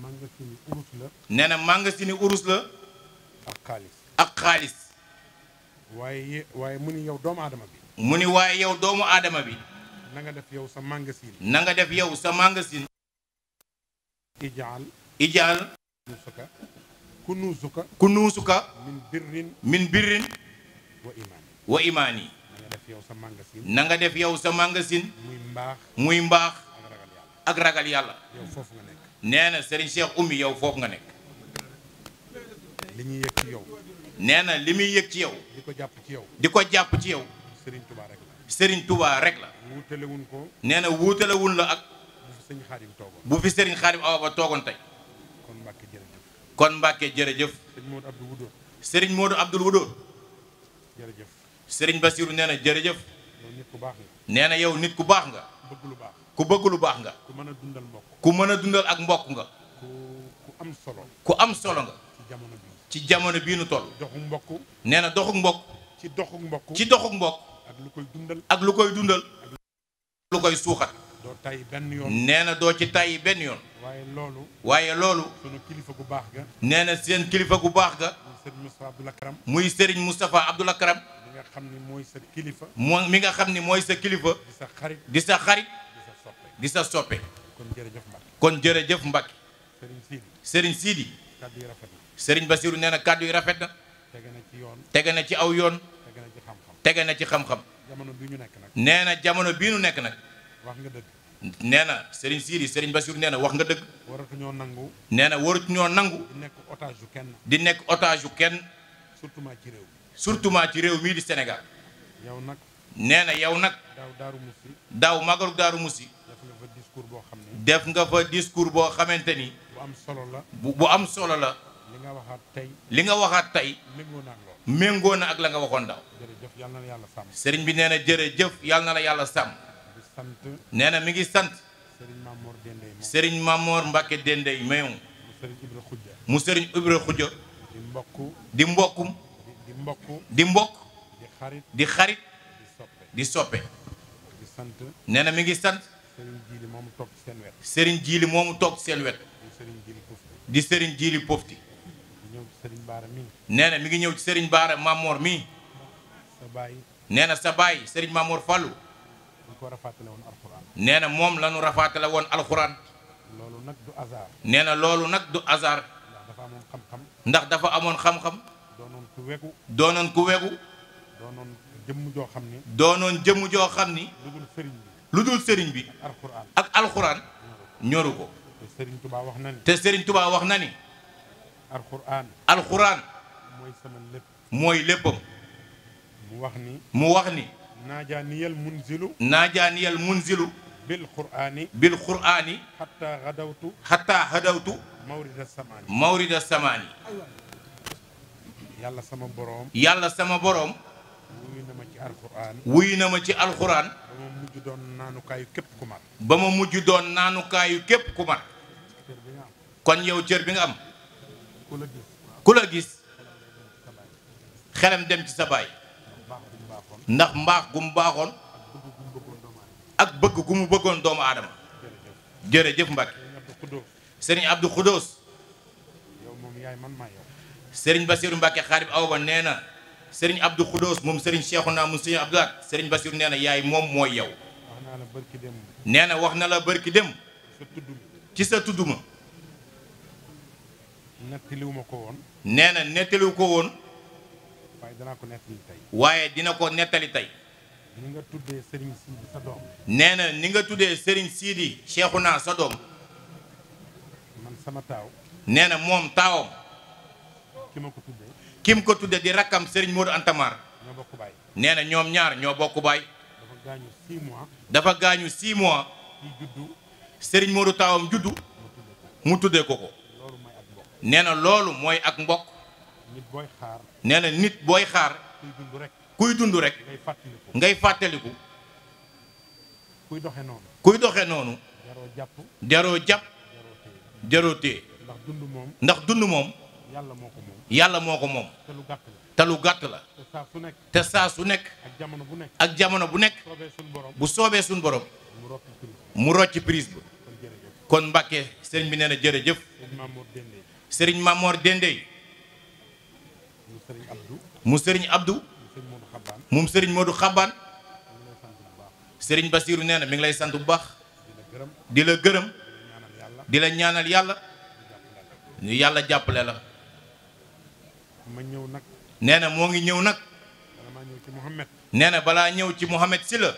Speaker 7: magasin urus la nee na magasin urus la
Speaker 8: ak xaalis xaalis. waaye waaye mu ni yow doomu adama bi. mu ni
Speaker 7: waaye yow doomu aadama bi. na nga def yow sa magasin. na def yow sa magasin. ijaal. ijaal. nuusuka. ku nuusuka. ku nuusuka. min birrin. min birrin. wa imaani. wa imaani. def yow sa magasin. nanga def yow sa màngasin muy mbaax. muy mbaax. ak ragal yàlla. yow foofu nga nekk. nee na nga nekk. li ñuy yëg ci yow. nee na li muy yëg ci yow. di ko jàpp ci yow. di ko jàpp ci yow.
Speaker 8: Serigne Touba rek la.
Speaker 7: Serigne Touba rek la.
Speaker 8: wuutalewuñ ko. nee na
Speaker 7: wuutalewuñ la ak. bu
Speaker 8: fi Serigne Xaadim toogoon. bu fi
Speaker 7: Serigne Xaadim awa ba toogoon tey. kon Mbacke jërëjëf. kon Mbacke jërëjëf. Serigne Modou Abdoul Wudoor. Serigne Modou Abdoul Wudoor. jërëjëf. Serigne Bassirou nee na jërëjëf. yow nit ku baax nga. nee na yow nit ku baax nga. bëgg lu baax. ku bëgg lu baax nga.
Speaker 8: ku mën a dundal mbokk.
Speaker 7: ku mën a dundal ak mbokk nga. ku am solo. ku am solo nga. ci jamono bii nu toll. doxug mbokk. nee na doxug mbokk. ci doxug mbokk. ci doxug mbokk. ak lu koy dundal. ak lu koy dundal. lu koy suuxat. doo benn yoon. nee na doo ci tàyyi benn yoon. waaye loolu. waaye loolu. kilifa gu baax nee na seen kilifa gu baax ga. muy Serigne Moustapha Abdoul Karam. mi nga xam ni mooy sa kilifa. moo mi nga xam ni mooy sa kilifa. di sa xarit di sa xarit. soppe. kon jërëjëf Mbacke. kon jërëjëf Mbacke. Serigne Sidi. Serigne sëriñ Basiru nee na kàddu yi rafet na. tege na ci yoon tege na ci aw yoon. tege na ci xam-xam tege na ci xam jamono bii ñu nekk nag. nee na jamono bii ñu nekk nag. wax nga dëgg. nee na Serigne Siri Serigne Bassirou nee na wax nga dëgg.
Speaker 8: waratu ñoo nangu. nee na waratu
Speaker 7: ñoo nangu. di
Speaker 8: nekk otage kenn.
Speaker 7: di nekk otage yu kenn. surtout ci réew. surtout ci réew mii di Sénégal. yow nag. nee na yow nag. daaw Daaru Moussi. daaw Magalu Daaru Moussi. def nga fa discours boo xam ne. def nga fa discours boo xamante ni.
Speaker 8: bu am solo la.
Speaker 7: bu am solo la.
Speaker 8: li nga waxaat tey.
Speaker 7: li nga waxaat tey. méngoo na ak la nga waxoon daaw.
Speaker 8: jërëjëf yal yàlla sàmm.
Speaker 7: sëriñ bi nee na jërëjëf yal na la yàlla sàmm. nee na mi ngi sant. sëriñ Mamor Mbacke Dendey Mayon. mu sëriñ Ibra Khoudia. di mbokkum. di mbokk di mbokk. di xarit di xarit. di soppe. nee na mi ngi sant. sëriñ jiili moomu toog seen wet. sëriñ jiili moomu seen wet. di sëriñ jiili pofti. nee na mi ngi ñëw ci Serigne Baara Mamor mii. nee na sa baay Serigne Mamor Fallou. nee na moom la ñu rafaatale woon alxuraan. nee na loolu nag du hasard. ndax dafa amoon xam-xam. doonoon ku wegu. doonoon ku wegu. doonoon joo xam ni. doonoon jëmm joo xam ni. lu dul sëriñ bi. ak alxuraan. ñoru ko. te Serigne Touba wax na ni. wax na ni. alxuraan alxuraan
Speaker 8: mooy sama lépp
Speaker 7: mooy léppam mu wax ni mu wax ni
Speaker 8: naajaaniyal
Speaker 7: munzilu naajaaniyal munzilu bil qur'aani bil qur'aani xataa xadawtu xataa xadawtu samaani yàlla sama boroom yàlla sama boroom wuyu na ma ci alxuraan wuyu na ma ci alxuraan ba ma mujj doon naanukaayu képp ku mat ba ma mujj doon naanukaayu képp ku mat kon yow cër bi nga am ku la gis xelam dem ci sa baay ndax mbaax gu mu baaxoon ak bëgg gu mu bëggoon doomu aadama jërëjëf Mbacke sëriñ Abdou Khoudous sëriñ Bassirou Mbacke xaarib awba nee na sëriñ Abdou Khoudous moom sëriñ Cheikhouna moom sëriñ Abdou ak sëriñ Bassirou nee yaay moom mooy yow nee na wax na la bërki dem ci sa tudd ma nettaliwu ma ko woon. nee na nettaliwu ko woon. waaye danaa ko nettali waaye dina ko nettali tey. ni nga tuddee
Speaker 8: Serigne Sidi sa doom.
Speaker 7: nee na ni nga tuddee Serigne Sidi Cheikhouna naa doom.
Speaker 8: man sama taaw.
Speaker 7: nee na moom taawam. ki ko tudde ki ko tuddee di rakkam sëriñ Modou Antamar. ñoo bokk nee na ñoom ñaar ñoo bokk baay. dafa gaañu 6 mois. dafa gaañu 6 mois. kii juddu. sëriñ moodu taawam juddu. mu tuddee ko ko. nee na loolu mooy ak mbokk booy xaar nee na nit booy xaar kuy dund rek kuy dund rek ngay fàttaliku kuy doxe noonu kuy doxe noonu jaroo jàpp jaroo jàpp jaroo ndax dund moom ndax dund moom
Speaker 8: yàlla moo ko moom
Speaker 7: yàlla moo ko moom te lu gàtt la te gàtt la te saa su nekk te
Speaker 8: saa ak jamono bu nekk
Speaker 7: ak jamono bu nekk bu soobee suñu borom mu rocc prise ba kon Mbàkke sëñ bi nee na jërëjëf sëriñ Mamor Dendey mu sëriñ Abdou moom sëriñ Modou Xaban sëriñ Basiiru nee na mi ngi lay sant bu baax di la gërëm di la ñaanal yàlla ñu yàlla jàppale la nee na moo ngi ñëw nag nee na balaa ñëw ci Mouhamed Sylla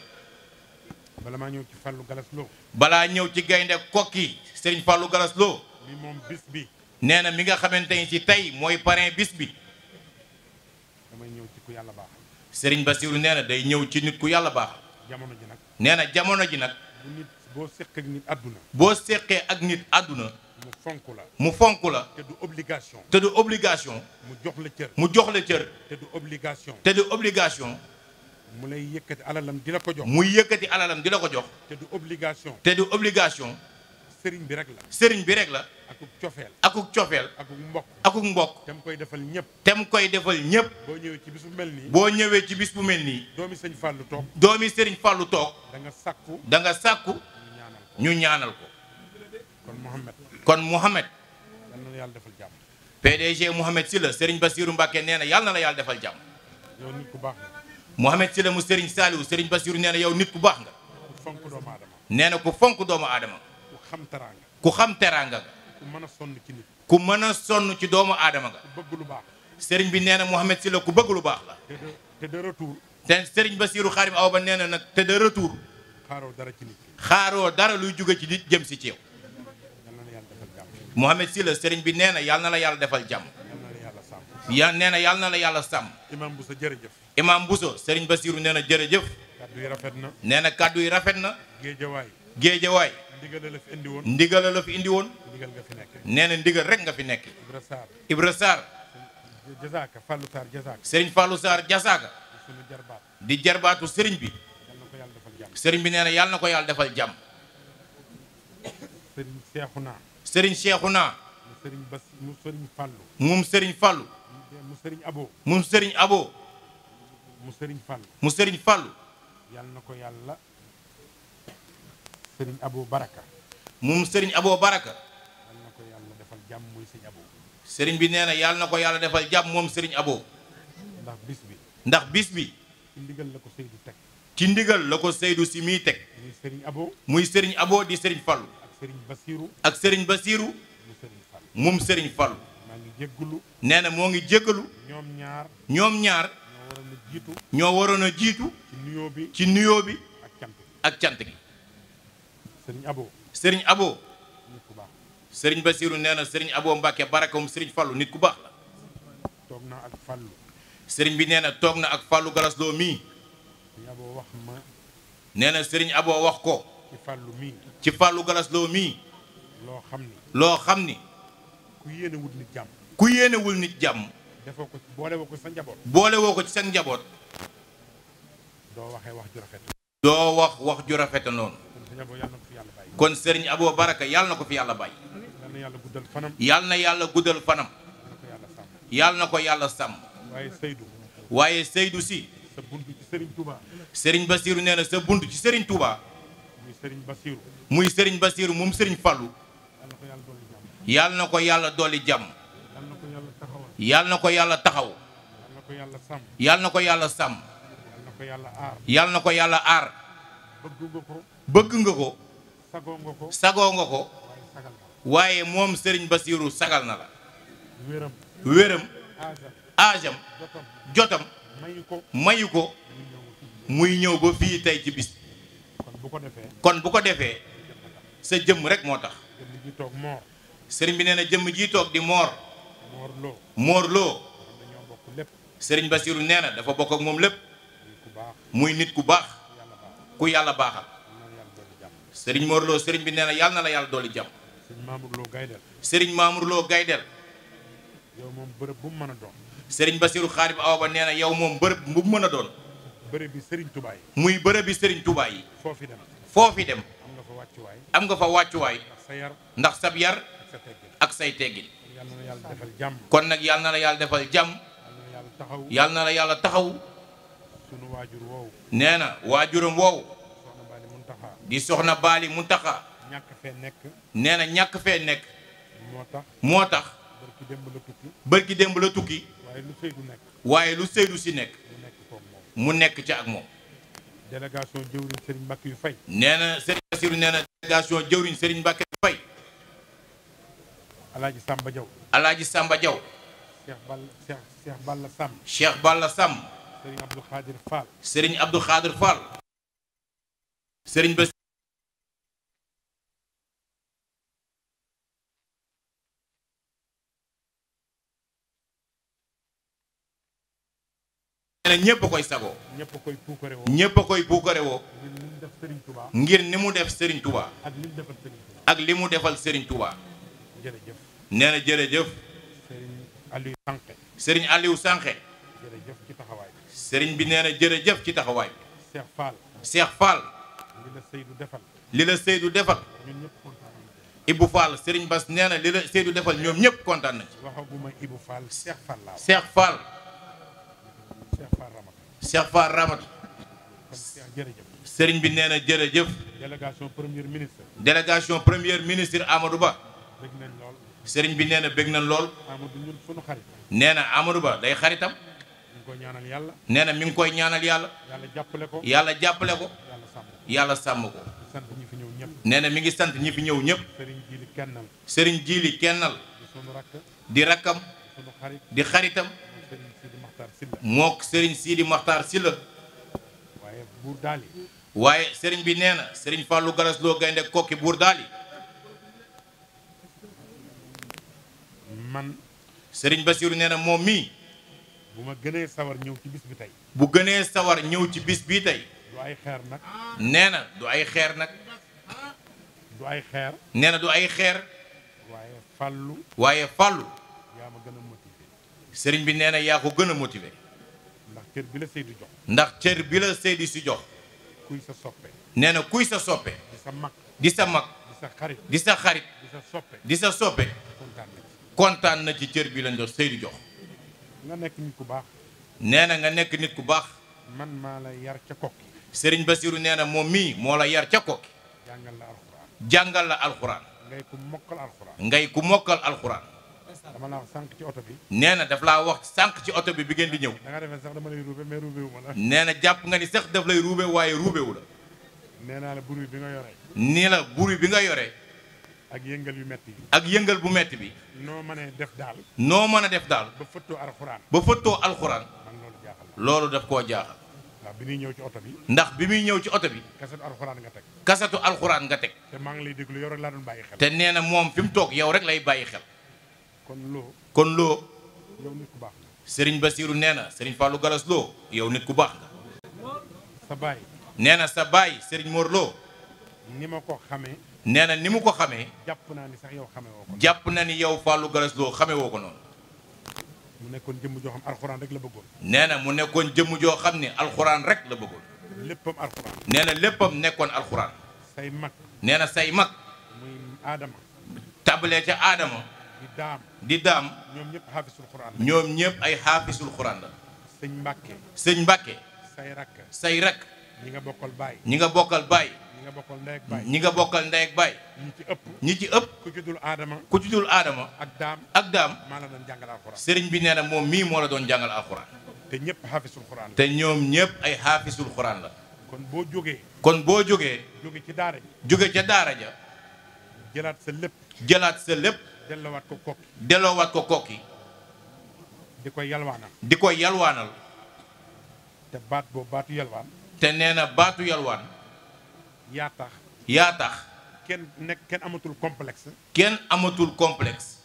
Speaker 7: bala maa balaa ñëw ci gaynde kokki sëriñ Fallou Galas Lo nee na mi nga xamante ni ci tey mooy parrain bis bi. damay ñëw ci ku yàlla baax. Serigne Bassirou nee na day ñëw ci nit ku yàlla baax. jamono ji nag. nee na jamono ji nag. boo seqee ak nit àdduna. boo seqee ak nit àdduna.
Speaker 8: mu fonk la mu fonk la. te du obligation. te du
Speaker 7: obligation. mu jox la cër. mu jox la cër. te du obligation. te du obligation. mu lay yëkkati alalam di la ko jox. muy yëkkati alalam di la ko jox. te du obligation. te du obligation. sëriñ bi rek la. sëriñ bi rek la. akuk cofeel akuk cofeel akuk mbokk akuk mbokk tem koy defal ñëpp tem koy defal ñëpp boo ñëwee ci bis bu mel nii boo ñëwee ci bis bu mel nii doomi sëñ fàllu toog doomi sëriñ fàllu toog
Speaker 8: danga nga sàkku
Speaker 7: da nga sàkku ñu ñaanal ko kon Mouhamed kon Mouhamed yal na
Speaker 8: la yàlla defal jàmm
Speaker 7: PDG Mouhamed Sylla sëriñ Basiiru Mbàkke nee na yàlla na la yàlla defal jàmm
Speaker 8: yow nit ku baax nga
Speaker 7: Mouhamed Sylla mu sëriñ Saaliwu sëriñ Basiiru nee na yow nit ku baax nga ku nee na ku fonk doomu aadama ku xam teraanga ku xam teraanga ku
Speaker 8: mën sonn ci nit.
Speaker 7: ku mën a sonn ci doomu aadama nga. lu baax. sëriñ bi nee na Mouhamed Sylla ku bëgg lu baax la. te de te sëriñ Bassirou Xaarim Awa Ba nee na nag te de retour.
Speaker 8: xaaroo
Speaker 7: dara ci luy jóge ci nit jëm si ci yow. Mouhamed Sylla sëriñ bi nee na yàlla na la yàlla defal jàmm. ya nee na yàlla na la yàlla sàmm. imaam Bousso jërëjëf. imaam Bousso sëriñ Bassirou nee na jërëjëf. kaddu yi rafet na. nee na kaddu yi rafet na. géejawaay géejawaay. ndigal la fi indi woon ndigal la fi indi woon. ndigal nga fi nekk nee na ndigal rek nga fi nekk. Ibra Sarr Ibra Sarr.
Speaker 8: Jazaaka Fallou
Speaker 7: Sarr Jazaaka. Serigne di jarbaatu Serigne bi. Serigne bi nee na yàlla ko yàlla defal jàmm. Serigne Cheikhouna. Serigne Cheikhouna.
Speaker 8: mu Serigne Bas mu Serigne Fallou. moom Serigne
Speaker 7: Fallou. mu Serigne Abo. ko yàlla. sëriñ Abo Baraka. moom sëriñ Abo Baraka. na ko yàlla defal jàmm muy sëriñ Abo. sëriñ bi nee na yal na ko yàlla defal jàmm moom sëriñ Abo. ndax bis bi. ndax bis bi. ci ndigal la ko Seydou teg. ci ndigal la ko Seydou si mii teg. muy sëriñ Abo. muy sëriñ Abo di sëriñ Fallu. ak sëriñ Basiru. ak sëriñ Basiru. moom sëriñ Fallu. maa ngi jéggalu. nee na moo ngi jéggalu. ñoom ñaar. ñoom ñaar. ñoo waroon a jiitu. ñoo waroon a ci nuyoo bi ci nuyoo bi. ak cant gi. sëriñ Abo. sëriñ Abo. nit ku baax sëriñ Basiiru nee na sëriñ Abo Mbàkke barakom sëriñ Fallu nit ku baax la. na ak Fallu. sëriñ bi nee na toog na ak Fallu Galas Lo mii. sëriñ na sëriñ aboo wax ko. ci Fallu mii. ci Fallu Galas Lo mii. loo xam ni. loo xam ni.
Speaker 8: ku yéenewul nit jàmm.
Speaker 7: yéenewul nit jàmm.
Speaker 8: defoo ko boole woo ko ci sa njaboot.
Speaker 7: ko ci sa njaboot. doo waxee wax ju rafet. doo wax wax ju rafet noonu. kon sëriñ Abo Baraka yàlla na ko fi yàlla bàyyi. yàlla na yàlla guddal fanam. yàlla na ko yàlla sàmm. waaye Seydou si. sa bunt ci Serigne Touba. Serigne Bassirou sa bunt ci Serigne Touba.
Speaker 8: muy Serigne Bassirou.
Speaker 7: muy Serigne Bassirou moom Serigne na ko yàlla dolli jàmm. yàlla na ko yàlla taxaw. yàlla na ko yàlla sàmm.
Speaker 8: yàlla na ko yàlla aar.
Speaker 7: yàlla na ko yàlla aar.
Speaker 8: bëgg nga bëgg nga ko sagoo nga ko
Speaker 7: sagoo nga ko waaye moom sëriñ Basiiru sagal na la wéram aajam jotam mayu ko muy ñëw ba fii tey ci bis kon bu ko defee sa jëmm rek moo tax sëriñ bi nee na jëmm ji toog di moor moor loo sëriñ Basiiru nee na dafa bokk ak moom lépp muy nit ku baax ku yàlla baaxal sëriñ Mor Lo sëriñ bi nee na yàlla na la yàlla dolli jàmm. sëriñ Mamour Lo Gaydel. sëriñ Mamour Gaydel.
Speaker 8: mën a doon.
Speaker 7: sëriñ Basiru Xaarib Awa Ba nee na yow moom bërëb bu mu a doon. bërëb bi sëriñ Touba muy bërëb bi sëriñ yi. foofi dem. foofi dem. am nga fa wàccuwaay. am fa wàccuwaay. ndax ndax sab yar. ak say teggin. kon nag yàlla na yàlla defal jàmm. yàlla na la yàlla taxaw. sunu waajur nee na waajuram woowu. di soxna Baali Muntaxa
Speaker 8: ñàkk fee nekk
Speaker 7: nee na ñàkk fee nekk moo tax moo tax bërki démb la tukki démb la tukki waaye lu Seydou waaye lu Seydou si nekk mu nekk ca ak moom délégation jëwriñ Serigne Mbacke yu fay nee na Serigne Bassirou nee na délégation jëwriñ Serigne Mbacke yu fay alaaji Samba Diaw alaaji Samba na ñépp a koy sagoo
Speaker 8: ñépp koy puukare woo ñépp a
Speaker 7: koy puukare woo ngir ni mu def Serigne Touba ak li mu defal Serigne Touba jërëjëf nee na jërëjëf
Speaker 8: Serigne Aliou Sanke
Speaker 7: Serigne Aliou Sanke ci taxawaay Serigne bi nee na jërëjëf ci taxawaay bi Cheikh Fall Cheikh Fall
Speaker 8: li la Seydou defal
Speaker 7: li la Seydou defal Ibou Fall Serigne Bass nee na li la Seydou defal ñoom ñépp kontaan na ci waxaguma Cheikh Fall Ramata. bi nee na jërëjëf. délégation premier ministre. délégation premier ministre Amadou Ba. seriñ bi nee na bëgg nañ lool. nee na Amadou Ba day xaritam. nee na mi ngi koy ñaanal yàlla. yàlla jàppale ko. yàlla jàppale ko. yàlla sàmm ko. nee na mi ngi sant ñi fi ñëw ñëpp. sëriñ jiili kennal. di rakkam. di xaritam. mook sëriñ Sidi Maxtaar Silla waaye buur daali waaye sëriñ bi nee na sëriñ Fallou Galas Lo gaynde kokki buur daali man sëriñ ba nee na moom mii bu ma gënee sawar ñëw ci bis bi tey bu gënee sawar ñëw ci bis bii tey du ay xeer nag nee na du ay xeer nag du ay xeer waaye Fallou sëriñ bi nee na yaa ko gën a motiver. ndax cër bi la Seydou jox. ndax cër bi la Seydou si jox. sa soppe. nee na kuy sa soppe. di sa mag di sa mag.
Speaker 8: di sa xarit di sa
Speaker 7: xarit. di sa soppe di kontaan na ci cër bi lañ jox Seydou jox.
Speaker 8: nga nekk ku baax.
Speaker 7: nee na nga nekk nit ku baax. man maa la yar ca kokki. sëriñ Basiru nee na moom mii moo la yar ca kokki. jàngal la jàngal la alxuraan.
Speaker 8: ngay ku alxuraan.
Speaker 7: ngay ku mokkal alxuraan.
Speaker 8: dama la sànq ci oto bi.
Speaker 7: nee na daf laa wax sànq ci oto bi bi ngeen di ñëw.
Speaker 8: da nga defee sax dama lay ruube mais ruube wu ma la.
Speaker 7: jàpp nga ni sax daf lay ruube waaye ruube wu la.
Speaker 8: nee naa la bruit bi nga yore.
Speaker 7: nii la bruit bi nga yore.
Speaker 8: ak yëngal yu metti bi.
Speaker 7: ak yëngal bu metti bi.
Speaker 8: noo mën a def daal.
Speaker 7: noo mën a def daal.
Speaker 8: ba fëttoo alxuraan.
Speaker 7: ba fëttoo alxuraan. loolu daf koo jaaxal.
Speaker 8: ndax bi muy ñëw ci oto bi. ndax bi
Speaker 7: muy ñëw ci oto bi.
Speaker 8: kasatu alxuraan nga teg. kasatu alxuraan nga teg. te maa ngi lay déglu yow rek bàyyi xel.
Speaker 7: nee na moom fi mu
Speaker 8: toog yow rek lay bàyyi xel. kon loo kon loo ku baax
Speaker 7: nga sëriñ Basiiru nee na sëriñ Fallou Galas loo yow nit ku baax nga sa nee na sa baay
Speaker 8: sëriñ Mor loo ni ma ko xamee nee na ni mu ko xamee jàpp naa ni sax yow xame woo ko
Speaker 7: jàpp na ni yow Fallou Galas loo xame woo ko noonu
Speaker 8: mu nekkoon jëmm joo xam alxuraan la bëggoon
Speaker 7: nee na mu nekkoon jëmm joo xam ne alxuraan rek la bëggoon
Speaker 8: léppam alxuraan
Speaker 7: na léppam nekkoon alxuraan say mag nee na say mag muy aadama ca aadama di daam di
Speaker 8: ñoom ñëpp xaafisul xuraan ñoom
Speaker 7: ñëpp ay xaafisul xuraan la. sëñ Mbàkke. sëñ Mbàkke. say rakk say rakk. ñi nga bokkal baay. ñi nga bokkal baay. ñi nga bokkal ndey ak baay. ñi nga bokkal ndey ak baay. ci ëpp. ñi ci ëpp. ku ci dul aadama. ku ci dul aadama. ak daam ak daam. maa la doon jàngal alxuraan. sëriñ bi nee na moom mii moo la doon jàngal alxuraan. te ñëpp xaafisul xuraan la. te ñoom ñëpp ay xaafisul xuraan la. kon boo jógee. kon boo jógee. jóge ci daara ja. jóge ca daara ja. jëlaat sa lépp. jëlaat sa lépp. delloowaat ko kokki delloowaat ko kokki di ko yalwaanal di ko yalwaanal te baat boobu baatu yalwaan te nee na baatu yalwaan yaa tax yaa tax kenn nekk kenn amatul complexe kenn amatul complexe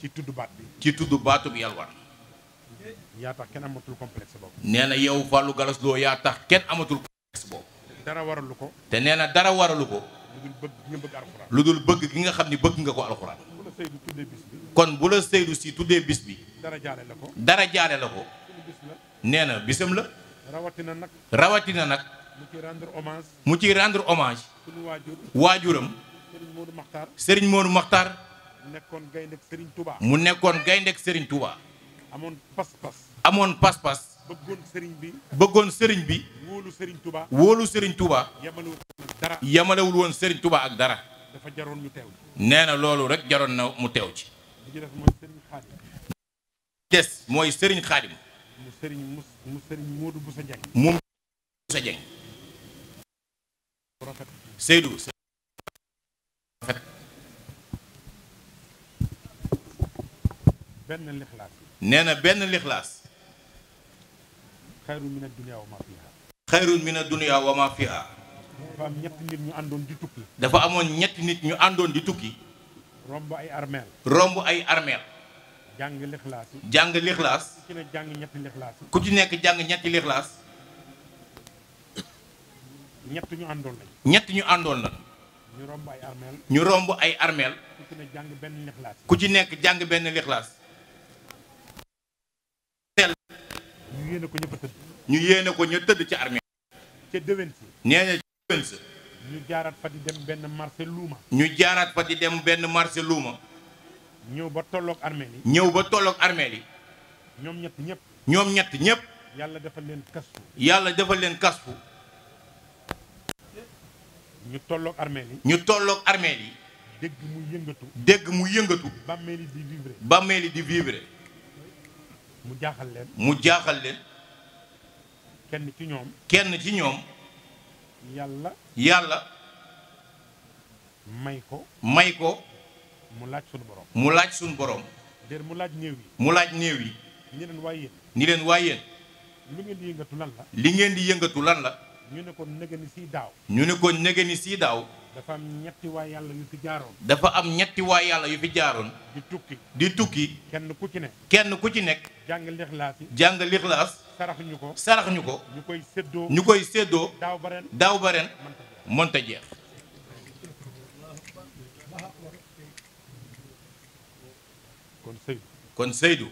Speaker 7: ci tudd baat bi ci tudd baatu bi yalwaan yaa tax kenn amatul complexe boobu nee na yow Fallou Galass Lo yaa tax kenn amatul complexe boobu
Speaker 8: dara waralu ko
Speaker 7: te nee na dara waralu ko
Speaker 8: lu dul bëgg gi nga bëgg lu
Speaker 7: dul bëgg gi nga xam ni bëgg nga ko alxuraan kon bu la Seydou si tuddee bis bi.
Speaker 8: dara jaale la ko
Speaker 7: dara jaale la ko. nee na bisam la. rawatina nag rawatina nag.
Speaker 8: mu ciy rendre hommage.
Speaker 7: mu ciy rendre hommage. waajuram.
Speaker 8: Serigne Modou Makhtar.
Speaker 7: Serigne Modou Makhtar.
Speaker 8: mu nekkoon gaynde Serigne tubaa mu nekkoon
Speaker 7: gaynde Serigne Touba. amoon pas amoon pas-pas.
Speaker 8: bëggoon sëriñ bi
Speaker 7: bëggoon sëriñ bi.
Speaker 8: wóolu sëriñ Touba. wóolu
Speaker 7: sëriñ Touba.
Speaker 8: yamalewul woon dara.
Speaker 7: yamalewul sëriñ Touba ak dara.
Speaker 8: dafa jaroon ñu teewlu.
Speaker 7: nee na loolu rek jaroon na mu teew ci des mooy sëriñ xaadim
Speaker 8: mu sëriñ mu sëriñ Moodu Busa Jeng
Speaker 7: moom Busa Jeng Seydou rafet
Speaker 8: benn lixlaas
Speaker 7: nee na benn lixlaas xayrun mina dunya wa ma dafa am ñetti ñu àndoon di tukki. dafa amoon ñetti nit ñu àndoon di tukki. romb ay armeel. romb ay armeel. jàng jàng lixlaas. ku ci nekk
Speaker 8: jàng ñetti lixlaas.
Speaker 7: ku ci nekk jàng ñetti lixlaas.
Speaker 8: ñett ñu àndoon
Speaker 7: lañ. àndoon la.
Speaker 8: ñu romb armeel.
Speaker 7: ñu romb ay armeel. ku ci
Speaker 8: nekk jàng benn lixlaas.
Speaker 7: ku ci nekk jàng benn lixlaas.
Speaker 8: ñu yéene ko ñu tëdd.
Speaker 7: ñu ko ci armeel. ca déwén si. nee
Speaker 8: ñu jaaraat marché luuma.
Speaker 7: ñu jaaraat fa di dem benn marché luuma.
Speaker 8: ñëw ba tolloog armeel yi. ñëw ba
Speaker 7: tolloog armeel yi. ñëpp. yàlla defal leen kasfu. yàlla defal leen kasfu. ñu tolloog armeel yi. ñu tolloog armeel yi. mu yëngatu. dégg mu yëngatu. yi di vibrer. mu jaaxal leen. mu jaaxal leen. kenn ci ñoom. kenn ci ñoom. yàlla yàlla may ko may
Speaker 8: ko mu laaj suñu borom mu laaj suñu borom déer mu laaj néew yi mu laaj néew yi ni leen waay yéen
Speaker 7: ni leen waay yéen
Speaker 8: li ngeen di yëngatu lan la
Speaker 7: li ngeen di yëngatu lan la
Speaker 8: ñu ne ko nëgëni si
Speaker 7: daaw ñu ne ko nëgëni si daaw dafa am ñetti waay yàlla yu fi jaaroon. dafa am ñetti waay yàlla yu fi jaaroon. di tukki di tukki. kenn ku ci ne. kenn ku ci nekk. jàng lixlaas yi. jàng lixlaas. sarax ñu ko sarax ñu ko. ñu koy séddoo ñu koy séddoo. daaw ba daaw ba ren mënta jeex. kon Seydou. kon Seydou.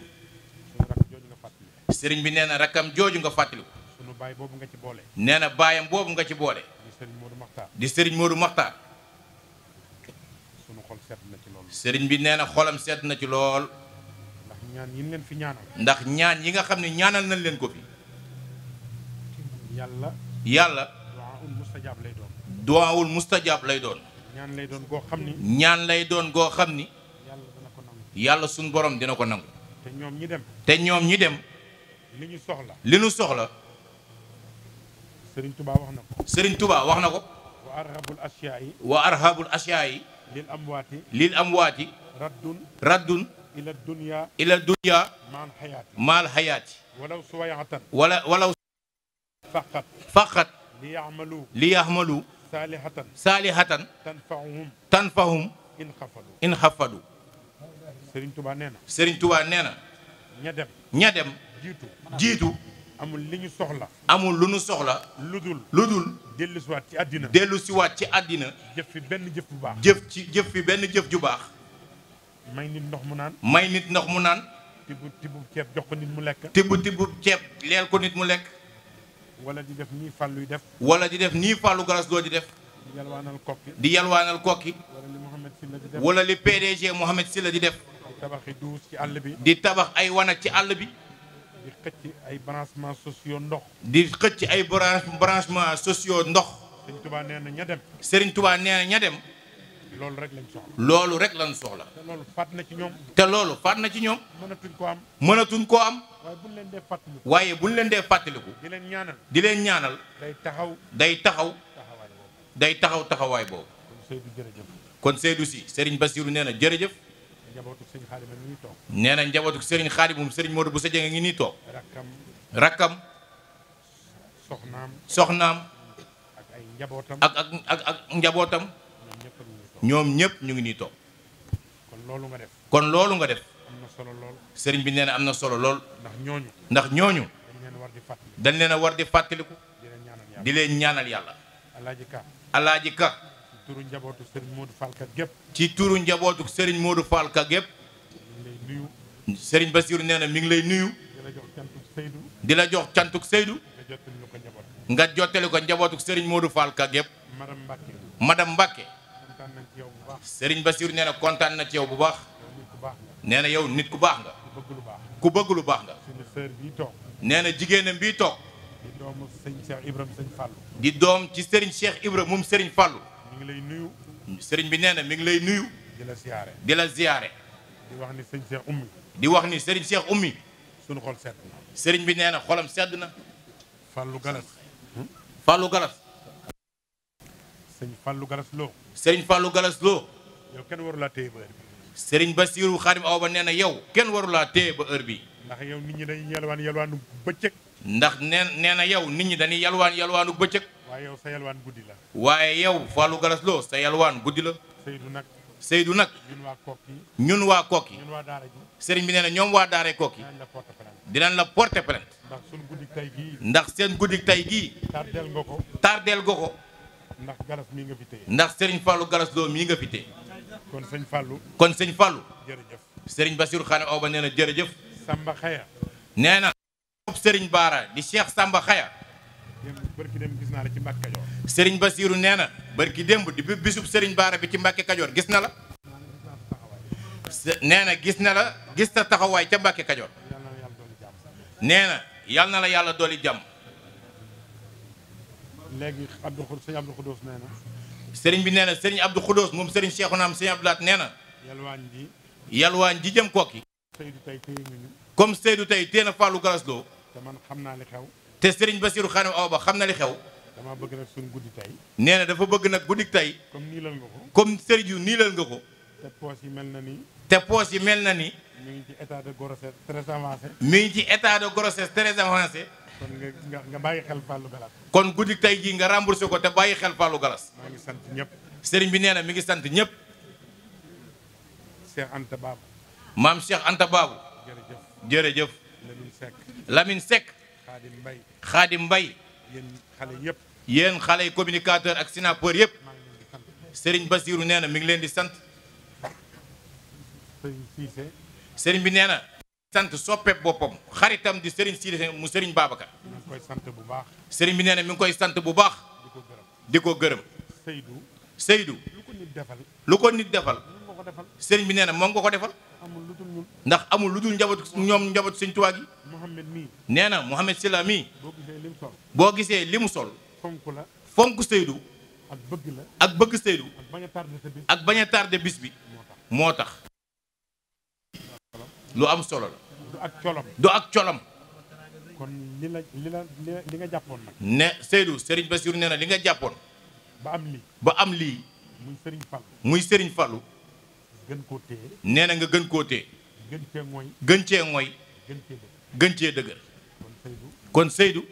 Speaker 7: sëriñ bi nee na rakkam jooju nga fàttaliku. sunu baay boobu nga ci boole. nee na baayam boobu nga ci boole. di sëriñ Modou Mokhtar sunu xol sedd na ci lool sëriñ bi nee na xolam sedd na ci lool ndax ñaan yi fi ñaanal ndax ñaan yi nga xam ne ñaanal nañ leen ko fi
Speaker 8: yàlla yàlla
Speaker 7: duwaawul mustajaab lay doon duwaawul doon ñaan lay doon goo xam ni ñaan lay doon goo xam ni yàlla suñ borom dina ko nangu te ñoom ñi dem te ñoom ñi dem li ñu soxla li ñu soxla sëriñ tubaa wax na ko sëriñ Touba wax na ko
Speaker 8: wa arhabul ashyaa'i. wa arhabul ashyaa'i. lil amwaati. lil amwaati. raddun. raddun. ila dunya. ila dunya. maal xayaati.
Speaker 7: maal xayaati. walaw suwayatan. wala walaw. faqat. faqat. li yaxmalu. li yaxmalu. saalihatan. saalihatan. tanfahum. tanfahum. in xafadu. in xafadu. Serigne Touba nee na. Serigne Touba nee na. ña dem. ña dem. jiitu jiitu. amul li ñu soxla. amul lu ñu soxla. lu dul lu dul. dellu waat ci àddina. dellu si waat ci àddina. jëf fi benn jëf bu baax. jëf ci jëf fi benn jëf ju baax. may nit ndox mu naan. may nit ndox mu naan. tibb tibb ceeb jox ko nit mu lekk. tibb tibb ceeb leel ko nit mu lekk. wala di def nii fàlluy def. wala di def nii fàllu garas doo di def. di yalwaanal kokki. di yalwaanal kokki. wala li Mouhamed Sylla di def. wala li PDG Mouhamed Sylla di def. di tabax ay duus ci àll bi. di tabax ay wanag ci àll bi. di xëcc ay branchements sociaux ndox. di xëcc ay branche branchements sociaux ndox. Serigne Touba nee na ña dem. Serigne Touba nee na ña dem. loolu rek lañ soxla. loolu rek lañ soxla. te loolu faat na ci ñoom. te loolu faat na ci ñoom. mënatuñ koo am. mënatuñ koo am. waaye buñ leen
Speaker 8: dee fàttaliku. waaye
Speaker 7: buñ leen dee fàttaliku. di leen ñaanal. di leen ñaanal. day taxaw. day taxaw. day taxaw taxawaay boobu. kon Seydou jërëjëf. si Serigne Bassirou nee jërëjëf. nee na njabootu sëriñ xaadimum sëriñ Modou bu sa jëng ngi nii toog rakkam soxnaam soxnaam ak ay njabootam ak ak ak njabootam ñoom ñëpp ñu ngi nii toog
Speaker 8: kon loolu nga def
Speaker 7: kon loolu nga def am na solo lool sëriñ bi nee am na solo lool ndax ñooñu ndax ñooñu dañ leen a war di fàttaliku di leen ñaanal yàlla alaaji turu
Speaker 8: njabootu Serigne Modou Fall ka
Speaker 7: gépp ci turu njabootu Serigne Modou Fall ka gépp Serigne Bassirou nee na mi ngi lay nuyu. di la jox cantuk Seydou. di la jox nga jottali ko njabootu Serigne Modou Fall ka gépp madame Mbacke. madame Mbacke. Serigne Bassirou nee na kontaan na ci yow bu baax. nee na yow nit ku baax nga. ku bëgg lu baax nga. nee na jigéenam bii toog. di doom ci sëriñ Cheikh Ibrahima moom Serigne Fallou. mi ngi lay nuyu. sëriñ bi nee na mi ngi lay nuyu. di la ziyaare di la ziyaare. di wax ni sëriñ Cheikh Oumy. di wax ni sëriñ Cheikh Oumy. sunu xol sedd na. sëriñ bi nee na xolam sedd na. Fallou Galas. Fallou Galas. sëñ Fallou Galas Lo. sëriñ Fallou Galas Lo. yow kenn warulaa téye ba heure bi. sëriñ Bassirou Khadim Awa ba nee na kenn warulaa téye ba heure bi. ndax yow nit ñi dañuy yalwaan yalwaanu bëccëg. ndax nee nee na nit ñi dañuy yalwaan yalwaanu bëccëg. waaye yow sa yalwaan guddi la. waaye yow Lo sa yalwaan guddi la. Seydou nag. Seydou nag. ñun waa Kokki. ñun waa Kokki.
Speaker 8: ñun waa Daara ji.
Speaker 7: sëriñ bi nee na ñoom waa Daara Kokki. dinañ la porter plainte. dinañ la porter plainte.
Speaker 8: ndax sunu guddi seen
Speaker 7: guddi tay gii. tardel nga ko. tardel nga ko.
Speaker 8: ndax Gallas mii nga ndax
Speaker 7: sëriñ Fallou Gallas Lo mii nga fi téye.
Speaker 8: kon sëñ Fallou.
Speaker 7: kon sëñ Fallou. jërëjëf. sëriñ Bassirou Khane Awa Ba nee na jërëjëf. Samba Khaya. nee na. sëriñ Baara di Cheikh Samba Khaya. bërki démb gis naa la ci Mbàkke Kajoor. Serigne Bassirou nee na bërki démb di bisub sëriñ Baara bi ci Mbàkke Kajoor gis na la. nee na gis na la gis na taxawaay ca Mbàkke Kajoor. nee na yal na la yàlla dooli jàmm. léegi Abdou Sëñ bi nee na Serigne Abdou Khoudous moom Serigne Cheikhouna am Sëñ Abdou Lahat nee na. yalwaan ji. yalwaan ji jëm kooki. comme Seydou tey téye na Fallou Galaslo. te man xam naa li xew. te sëriñ Basiru xaanam aw ba xam na li xew dama bëgg nag suñ guddi tey nee na dafa bëgg nag guddi tey comme niilal nga ko comme sëriñ yu niilal nga ko te poos yi mel na ni te poos yi mel na ni mi ngi ci état de grossesse très mi ngi ci état de grossesse très avancé kon nga nga bàyyi xel Fallou Galas kon guddi tey jii nga remboursé ko te bàyyi xel Fallou Galas maa ngi sant ñëpp sëriñ bi nee na mi ngi sant ñëpp Cheikh Anta Babou maam Cheikh Anta Babou jërëjëf jërëjëf Lamine Seck Lamine Seck
Speaker 8: Khadim Mbaye
Speaker 7: xaadim mbay yéen xale yëpp yéen xale communicateur ak sinapeur yëpp sëriñ Basiiru nee na mi ngi leen di sant sëriñ bi nee na sant soppee boppam xaritam di sëriñ Siise mu sëriñ Babacar sëriñ bi nee mu mi ngi koy sant bu baax di ko gërëm Seydou Seydou lu ko nit defal sëriñ bi nee na moom nga ko defal ndax amul lu dul njabootu ñoom njabootu sëñ Tuubaa gi nee na Mouhamed Sylla mii boo gisee li mu sol fonk Seydou ak bëgg Seydou ak baña a tardé bis bi moo tax lu am solo la du ak colom kon li jàppoon nag ne Seydou Serigne Bassirou nee na li nga jàppoon ba am lii ba am lii muy Serigne Fallou muy Serigne Fallou gën koo téye nga gën koo téye
Speaker 8: gën cee mooy gën
Speaker 7: gën cee dëgër kon Seydou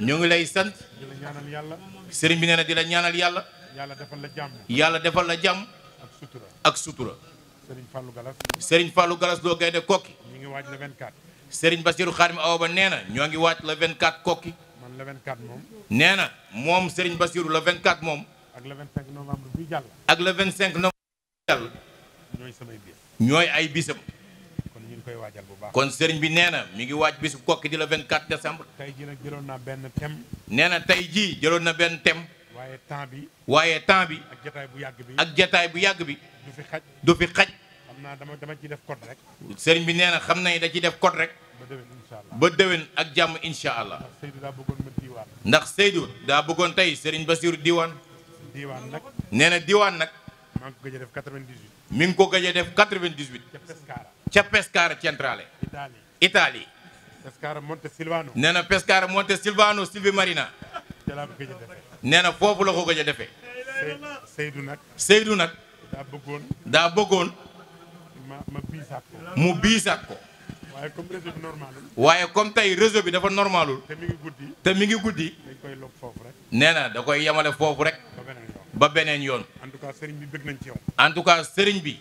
Speaker 7: ñoo ngi lay sant sëriñ bi nee na di la ñaanal yàlla
Speaker 8: yàlla defal la jàmm
Speaker 7: yàlla defal la jàmm ak sutura ak sutura sëriñ Fallou Galas sëriñ Fallou Galas doo gaynde kokki ñu ngi waaj la 24 sëriñ Bassirou Khadim Awa Ba nee na ñoo ngi waaj la 24 kokki
Speaker 8: man la 24 moom
Speaker 7: nee na moom sëriñ Bassirou la vingt 24 moom
Speaker 8: ak le 25 novembre bi jàll
Speaker 7: ak le 25 novembre bi jàll ñooy samay bis ñooy ay bisam koy waajal bu baax kon seriñ bi nee na mi ngi waaj bisu kokki di la 24 décembre. tey jii nag jëloon na nee na tey jii jëloon na benn tem waaye temps bi. waaye temps bi. ak jataay bu yàgg bi. ak jataay bu yàgg bi. du fi xaj du fi xaj. xam naa dama dama ciy def code rek. sëriñ bi nee na xam nañ da ciy def code rek. ba déwén incha allah ba déwén ak jàmm incha allah. ndax Seydou daa
Speaker 8: bëggoon ma diwaan.
Speaker 7: ndax Seydou daa bëggoon tey sëriñ Basiru diwaan. diwaan nag. nee na diwaan nag. maa ngi ko gëj a def 98. mi ngi ko gëj a def 98. ca Pescara. ca Pescara Centrale. Italie Italie.
Speaker 8: Pescara Monte Silvano. nee
Speaker 7: na Pescara Monte Silvano Silvi Marina. nee na foofu la ko gëj a defee. Seydou nag. Seydou nag. daa bëggoon. daa bëggoon.
Speaker 8: ma ma biisaat ko. mu
Speaker 7: biisaat ko. waaye comme réseau waaye comme tey réseau bi dafa normalul. te mi ngi guddi. te mi ngi guddi.
Speaker 8: dañ koy log foofu rek.
Speaker 7: nee na da koy yemale foofu rek. ba beneen yoon. en
Speaker 8: tout cas sëriñ bi bëgg nañ ci yow.
Speaker 7: en tout cas sëriñ bi.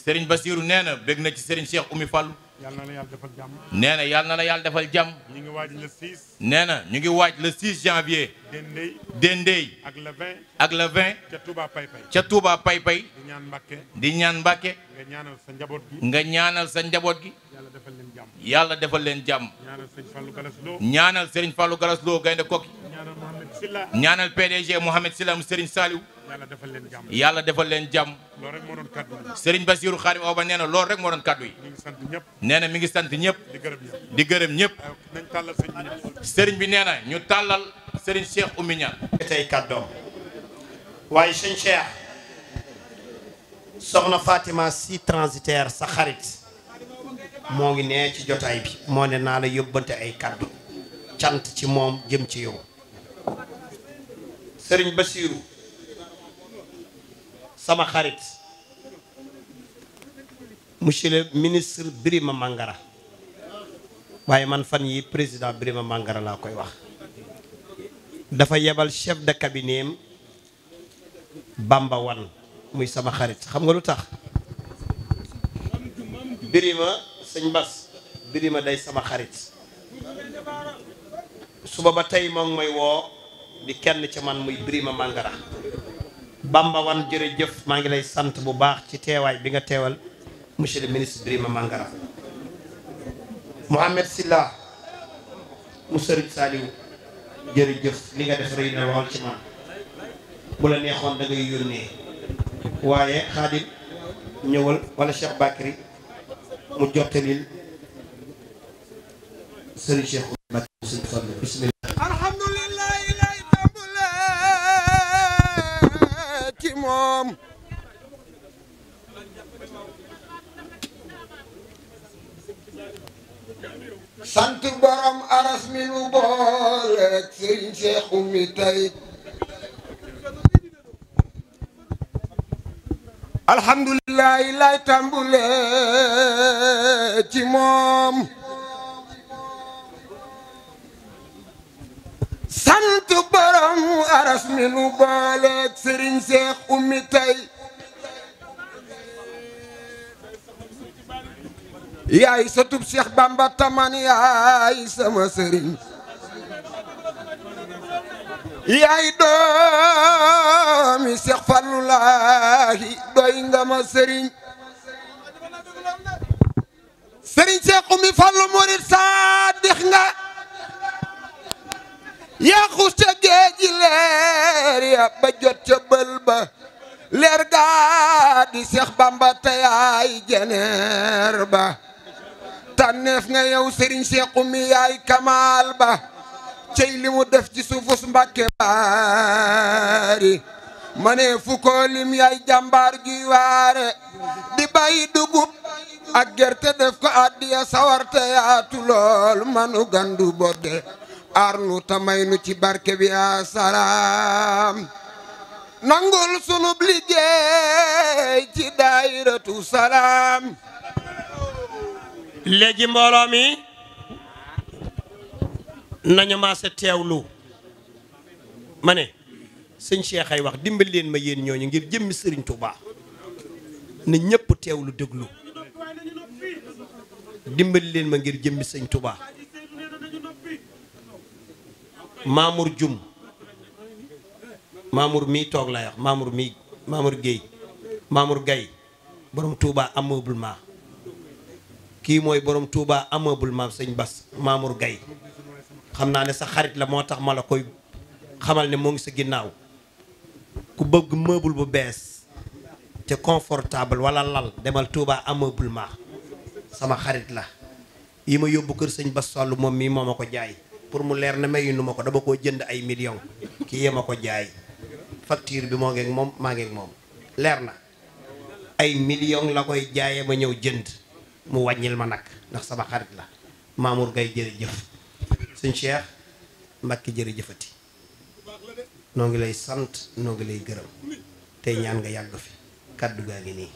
Speaker 7: Serigne Bassirou nee na bég na ci Serigne Cheikh Oumy Fall. yàlla la yàlla defal jàmm. nee na yàlla na la yàlla defal jàmm. ñu ngi waaj le 6. nee na ñu ngi waaj le 6 janvier. Dendey. Dendey. ak le 20. ak le 20. ca Touba Paypay. ca Touba Paypay. di ñaan Mbàkke. di ñaan Mbàkke.
Speaker 8: nga ñaanal sa njaboot gi. nga
Speaker 7: ñaanal sa njaboot gi.
Speaker 8: yàlla defal leen jàmm.
Speaker 7: yàlla defal leen jàmm. ñaanal Serigne Fallou Galas Lo. ñaanal Serigne Fallou Galas Lo gaynde kokki. ñaanal PDG Mouhamed Silla Serigne Saliou yàlla defal leen jàmm yàlla defal leen jàmm. moo doon kaddu yi. Serigne Bassirou Khadim Awa Ba nee na loolu rek moo doon kaddu yi. mi ngi ñëpp. nee na mi ngi sant ñëpp. di gërëm ñëpp di ñëpp. nañ tàllal Serigne bi nee na ñu tàllal Serigne Cheikh Oumy Niang. tey kaddoom waaye sëñ Cheikh
Speaker 2: soxna Fatima si transitaire sa xarit moo ngi nee ci jotaay bi. moo ne naa la yóbbante ay kàddu cant ci moom jëm ci yow. sama xarit monsieur le ministre Birima màngara waaye man fan yi président Birima màngara laa koy wax dafa yebal chef de cabinet am Bamba Wan muy sama xarit xam nga lu tax Birima sëñ Bas Birima day sama xarit suba ba tey moom mooy woo di kenn ca man muy Birima Mangara Bamba wan jërëjëf maa ngi lay sant bu baax ci teewaay bi nga teewal monsieur le ministre Birima Mangara
Speaker 6: Mohamed Silla
Speaker 2: mu sëriñ Saliou jërëjëf li nga def rëy na lool ci man bu la neexoon da yónnee waaye Xaadim ñëwal wala Cheikh Bakri mu jottalil sëriñ Cheikh Bakri sëriñ Fadlu bismillah
Speaker 9: moom sant borom aras ci moom sant borom aras mi nu booleeg Serigne Cheikh ummi tey sa tub Cheikh Bamba taman yaay sama Serigne yaay doomi Cheikh Fallou laahi doy nga ma Serigne Serigne Cheikh ummi Fallou murid saadix nga. yàqu ca géeji leer ya ba jot ca bël ba leer gaa di seex bamba tayaay jeneer ba tànneef nga yow sëriñ seexu mi yaay kamaal ba cey li def ci suufus mbàkke baari ma ne fu yaay jàmbaar juy waare di bàyyi dugub ak gerte def ko addiya sawarte yaatu lool manu gandu bodde arnu tamaynu ci barke bi asalaam nangul sunub liggéey ci daayiratu salaam léegi mbooloo mi
Speaker 2: nañu maase teewlu ma ne sëñ Cheikh ay wax dimbali leen ma yéen ñooñu ngir jëmmi sëriñ Touba na ñëpp teewlu déglu dimbali leen ma ngir jëmmi sëñ Touba Mamour jum Mamour mii toog lay wax Mamour mii Mamour Guèye Mamour Guèye borom Touba ameublement kii mooy borom Touba ameublement sëñ Bas Mamour Guèye xam naa ne sa xarit la moo tax ma la koy xamal ne moo sa ginnaaw ku bëgg meuble bu bees te confortable wala lal demal Touba ameublement sama xarit la yi ma yóbbu kër sëñ Bas Sall moom mii moo ma ko jaay. pour mu leer ne mayuñu ma ko dama koo jënd ay million kii yee a ko jaay facture bi moo ngeeg moom maa ngeeg moom leer na ay million la koy jaaye ma ñëw jënd mu wàññil ma nag ndax sama xarit la ngay Gaye jëf suñ Cheikh Mbacke jëfati noo ngi lay sant noo ngi lay gërëm tey ñaan nga yàgg fi kàddu gaa ngi nii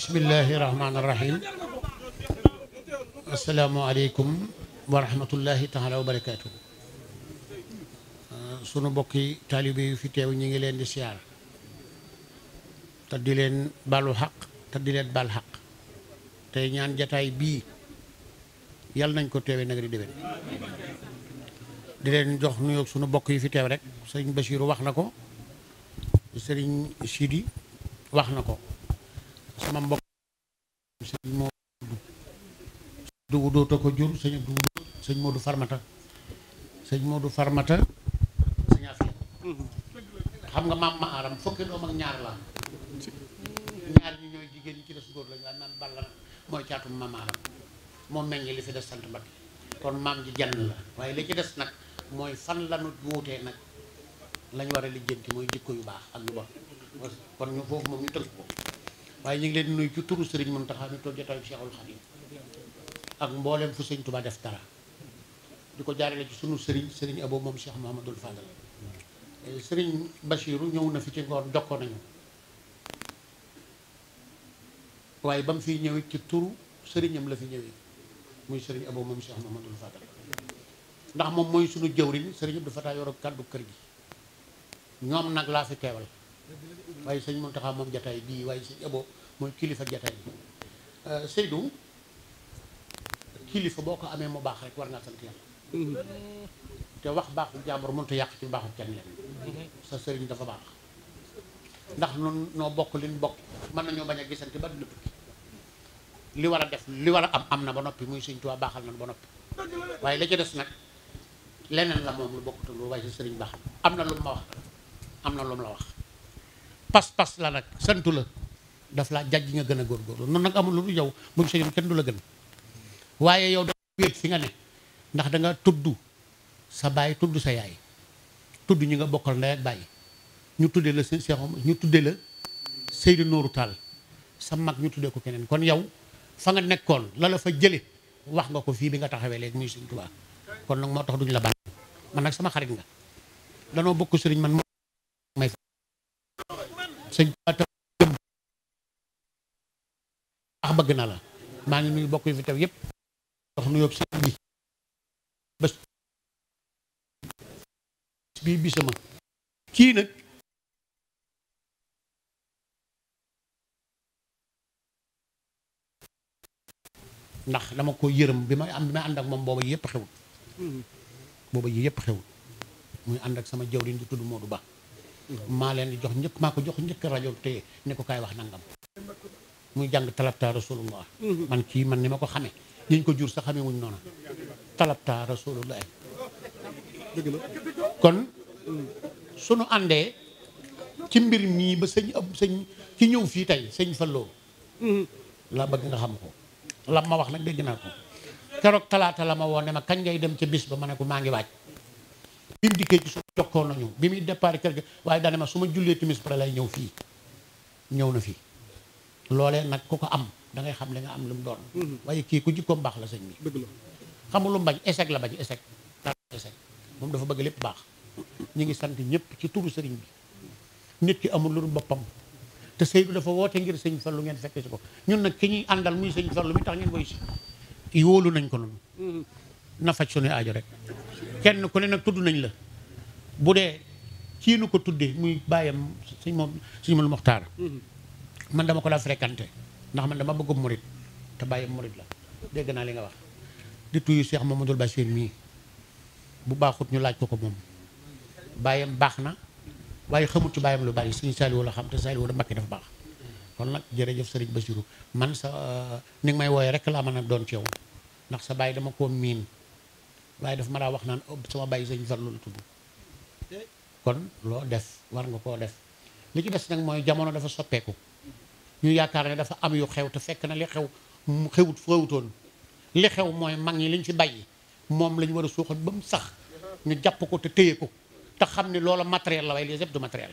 Speaker 10: bismillahi rahmaani rahim asalaamualeykum wa rahmatullahi taala wa barakaatu. Ah, sunu bokki taalibe yu fi teew ñi ngi leen di siyaar te di leen balu xaq te di leen bal xaq tey ñaan jataay bii yàlla nañ ko teewee nag di di leen jox nuyoog sunu bokk yu fi teew rek sëriñ Basiiru wax na ko sëriñ Sidi wax na ko sama mbokk dugu doota ko jur sëñ ab sañ sëñ Modou Farmata sëñ Modou Farmata sëñ xam nga maam ma aram fukki doom ak ñaar la ñaar ñi ñooy jigéen ñi ci des góor lañu waaye maam Balla mooy caatum maam aram moom meññ li fi des sant Mbakke kon maam ji jan la waaye li ci des nag mooy fan la nu wuutee nag lañ war a lijjanti mooy jikko yu baax ak yu bon kon ñu foofu moom ñu tënk ko waaye ñu ngi leen di nuyu ci turu Sëriñ Muntaxa mi toog jotaayu Seexul Xadiim ak mboolem fu sëñ Tuubaa def dara di ko jaarale ci sunu sëriñ sëriñ Abo moom Cheikh Mahamadul Fadal eh, sëriñ Bachiru ñëw na fi ci ngoon jokkoo nañu waaye ba mu fiy ñëwee ci turu sëriñam la fi ñëwee muy sëriñ Abo moom Cheikh Mahamadul Fadal ndax moom mooy sunu jëwriñ sëriñ Abdou Fatah yorob kàddu kër gi ñoom nag laa fi teewal waaye sëñ Muntaxa moom jataay bii waaye sëñ Abo mooy kilifa jataay bi eh, Seydou kilifa boo ko amee mu baax rek war ngaa sant yàlla te wax baaxu jàmbur mënut a yàq ci baaxu kenn leen sa sëriñ dafa baax ndax nun noo bokk liñ bokk mën nañoo bañ a gisante ba li war a def li war a am am na ba noppi muy sëriñ Tuubaa baaxal na ba noppi waaye la ca des nag leneen la moom lu bokkutul lu waaye sa sëriñ baaxal am na lu ma wax am na lu mu la wax pas-pas la nag santu la daf laa jaj nga gën a góorgóorlu noonu nag amul lu yow muy sëriñ kenn du la gën waaye yow da wéet fi nga ne ndax danga nga tudd sa baay tudd sa yaay tudd ñi nga bokkal ndey ak baay ñu tuddee la Cheikh ñu tuddee la Seydou Nourou Tall sa mag ñu tuddee ko keneen kon yow fa nga nekkoon la la fa jële wax nga ko fii bi nga taxawee léegi muy Sëriñ Tuubaa kon nag moo tax duñ la baax man nag sama xarit nga danoo bokk sëriñ man may sëñ bëgg na la maa ngi nuyu bokk yu fi teew yëpp nu yób sëñ bi
Speaker 1: bii bisama kii nag
Speaker 10: ndax dama ko yërëm bi may am bi may ànd ak moom booba yëpp xewul booba yi yëpp xewul muy ànd ak sama jawriñ di tudd Modou Ba maa leen di jox njëkk maa ko jox njëkk rajo te ne ko kaay wax nangam muy jàng talabta rasulullah mm-hmm. man kii man ni ma ko xamee ñiñ ko jur sax xamee wuñ noonu talabta rasulullahi kon sunu àndee ci mbir mii ba sëñ ab sëñ ci ñëw fii tey sëñ Fallou laa bëgg nga xam ko lam ma wax nag dégg naa ko keroog talaata la ma woo ne ma kañ ngay dem ca bis ba ma ne ko maa ngi waaj bi mu dikkee ci su jokkoo nañu bi muy départ kër ga waaye daane ma su ma jullee timis pare lay ñëw fii ñëw na fii loolee nag ku ko am dangay xam li nga am lu mu doon mhm. waaye kii ku jikkoom baax la sëñ bi xamul lu mu bañ échec la bañ échec da échec moom dafa bëgg lépp baax ñu ngi sant ñëpp ci turu sëriñ bi nit ki amul lu boppam te Seydou dafa woote ngir sëñ Fallu ngeen fekk si ko ñun nag ki ñuy àndal muy sëñ Fallu mi tax ngeen woy si wóolu nañ ko noonu mhm. na faj suñu aajo rek kenn ku ne nag tudd nañ la bu dee kii nu ko tuddee muy bàyyam sëñ moom sëñ Moxtaar mhm. man dama ko la fréquenté ndax man dama bëgg murit te bàyyi murit la dégg naa li nga wax di tuyu Cheikh Mamadou Bachir mii bu baaxut ñu laaj ko ko moom mu baax na waaye xamut ci bàyyam lu bari suñu Saliou la xam te Saliou da Mbacké dafa baax kon nag jërëjëf Serigne Bassirou man sa euh, ni nga may wooye rek laa mën a doon ci yow sa bàyyi dama koo miin waaye daf ma daa wax naan sama bàyyi Serigne Fallou la tudd kon loo def war nga koo def li ci des nag mooy jamono dafa soppeeku ñu yaakaar na dafa am yu xew te fekk na li xew mu xewut xewutoon li xew mooy mag ñi liñ fi bàyyi moom la war a suuxat ba mu sax ñu jàpp ko te téye ko te xam ne loola matériel la waaye les yëpp du matériel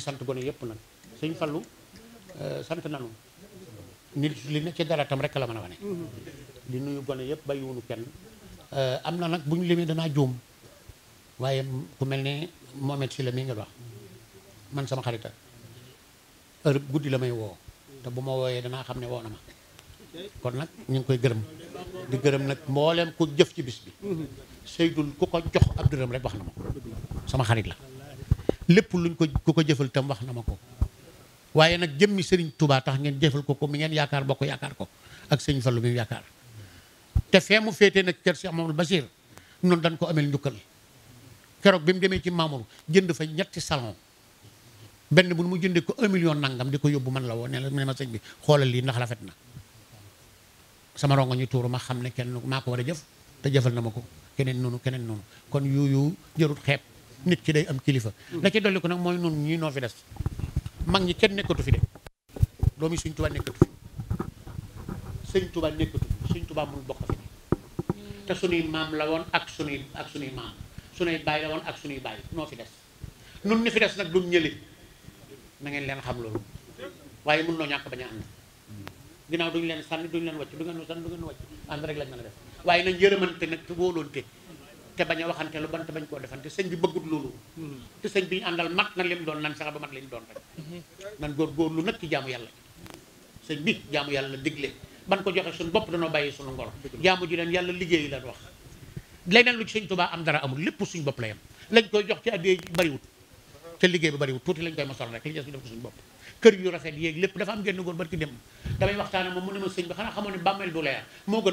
Speaker 10: sant gone yëpp nag suñ fallu euh, sant nanu ni li ne rek la mën a wane di nuyu gone yëpp bàyyiwunu kenn euh, am na nag bu ñu limee danaa juum waaye ku mel ne Mohamed Sylla mii nga wax man sama xarita heure guddi la may woo te bu ma wooyee danaa xam ne woo na ma kon nag ñu ngi koy gërëm di gërëm nag mbooleem ku jëf ci bis bi Seydul ku ko jox ab dërëm rek wax na ma ko sama xarit la lépp luñ ko ku ko jëfal tam wax na ma ko waaye nag jëmmi Serigne tubaa tax ngeen jëfal ko ko mi ngeen yaakaar boo ko yaakaar ko ak Serigne Fallou mi yaakaar te fee mu féetee nag kër Cheikh Mamadou Bachir noonu dañ ko amel njukkal keroog bi mu demee ci Mamour jënd fa ñetti salon benn bu mu jëndee ko un million nangam di ko yóbbu man la woo ne la ne ma sëñ bi xoolal lii ndax rafet na sama rongo ñu tuuru ma xam ne kenn maa ko war a jëf te jëfal na ma ko keneen noonu keneen noonu kon yooyu jërut xeeb nit ki day am kilifa. la ci dolli ko nag mooy noonu ñii noo fi des mag ñi kenn nekkatu fi de doomi suñ tuba nekkatu fi sëñ suñ tuba mun bokk fi te suñuy maam la woon ak suñuy ak suñuy maam suñuy baay la woon ak suñuy baay noo fi des nun na ngeen leen xam loolu waaye mun noo ñàkk bañ a ànd ginnaaw duñu leen sànni duñu leen wàcc du ngeen sànni du ngeen wàcc ànd rek lañ mën a def waaye nañ yërëmante nag te wóoloonte te bañ a waxante lu ban te bañ koo defante sëñ bi bëggut loolu te sëñ bi ñu àndal mat na lim doon nan sax ba mat li ñu doon rek nan góor góorlu nag ci jaamu yàlla sëñ bi jaamu yàlla la digle ban ko joxe suñu bopp danoo bàyyi suñu ngor jaamu ji leen yàlla liggéey lan wax leneen lu ci sëñ Tuubaa am dara amul lépp suñ bopp la yam lañ koy jox ci addee bariwut te liggéey bi bariwul tuuti lañ koy mosal rek li des ñu def ko suñu bopp kër yu rafet yéeg lépp dafa am génn góor barki moom mu ne ma sëñ bi xanaa xamoon ne bàmmeel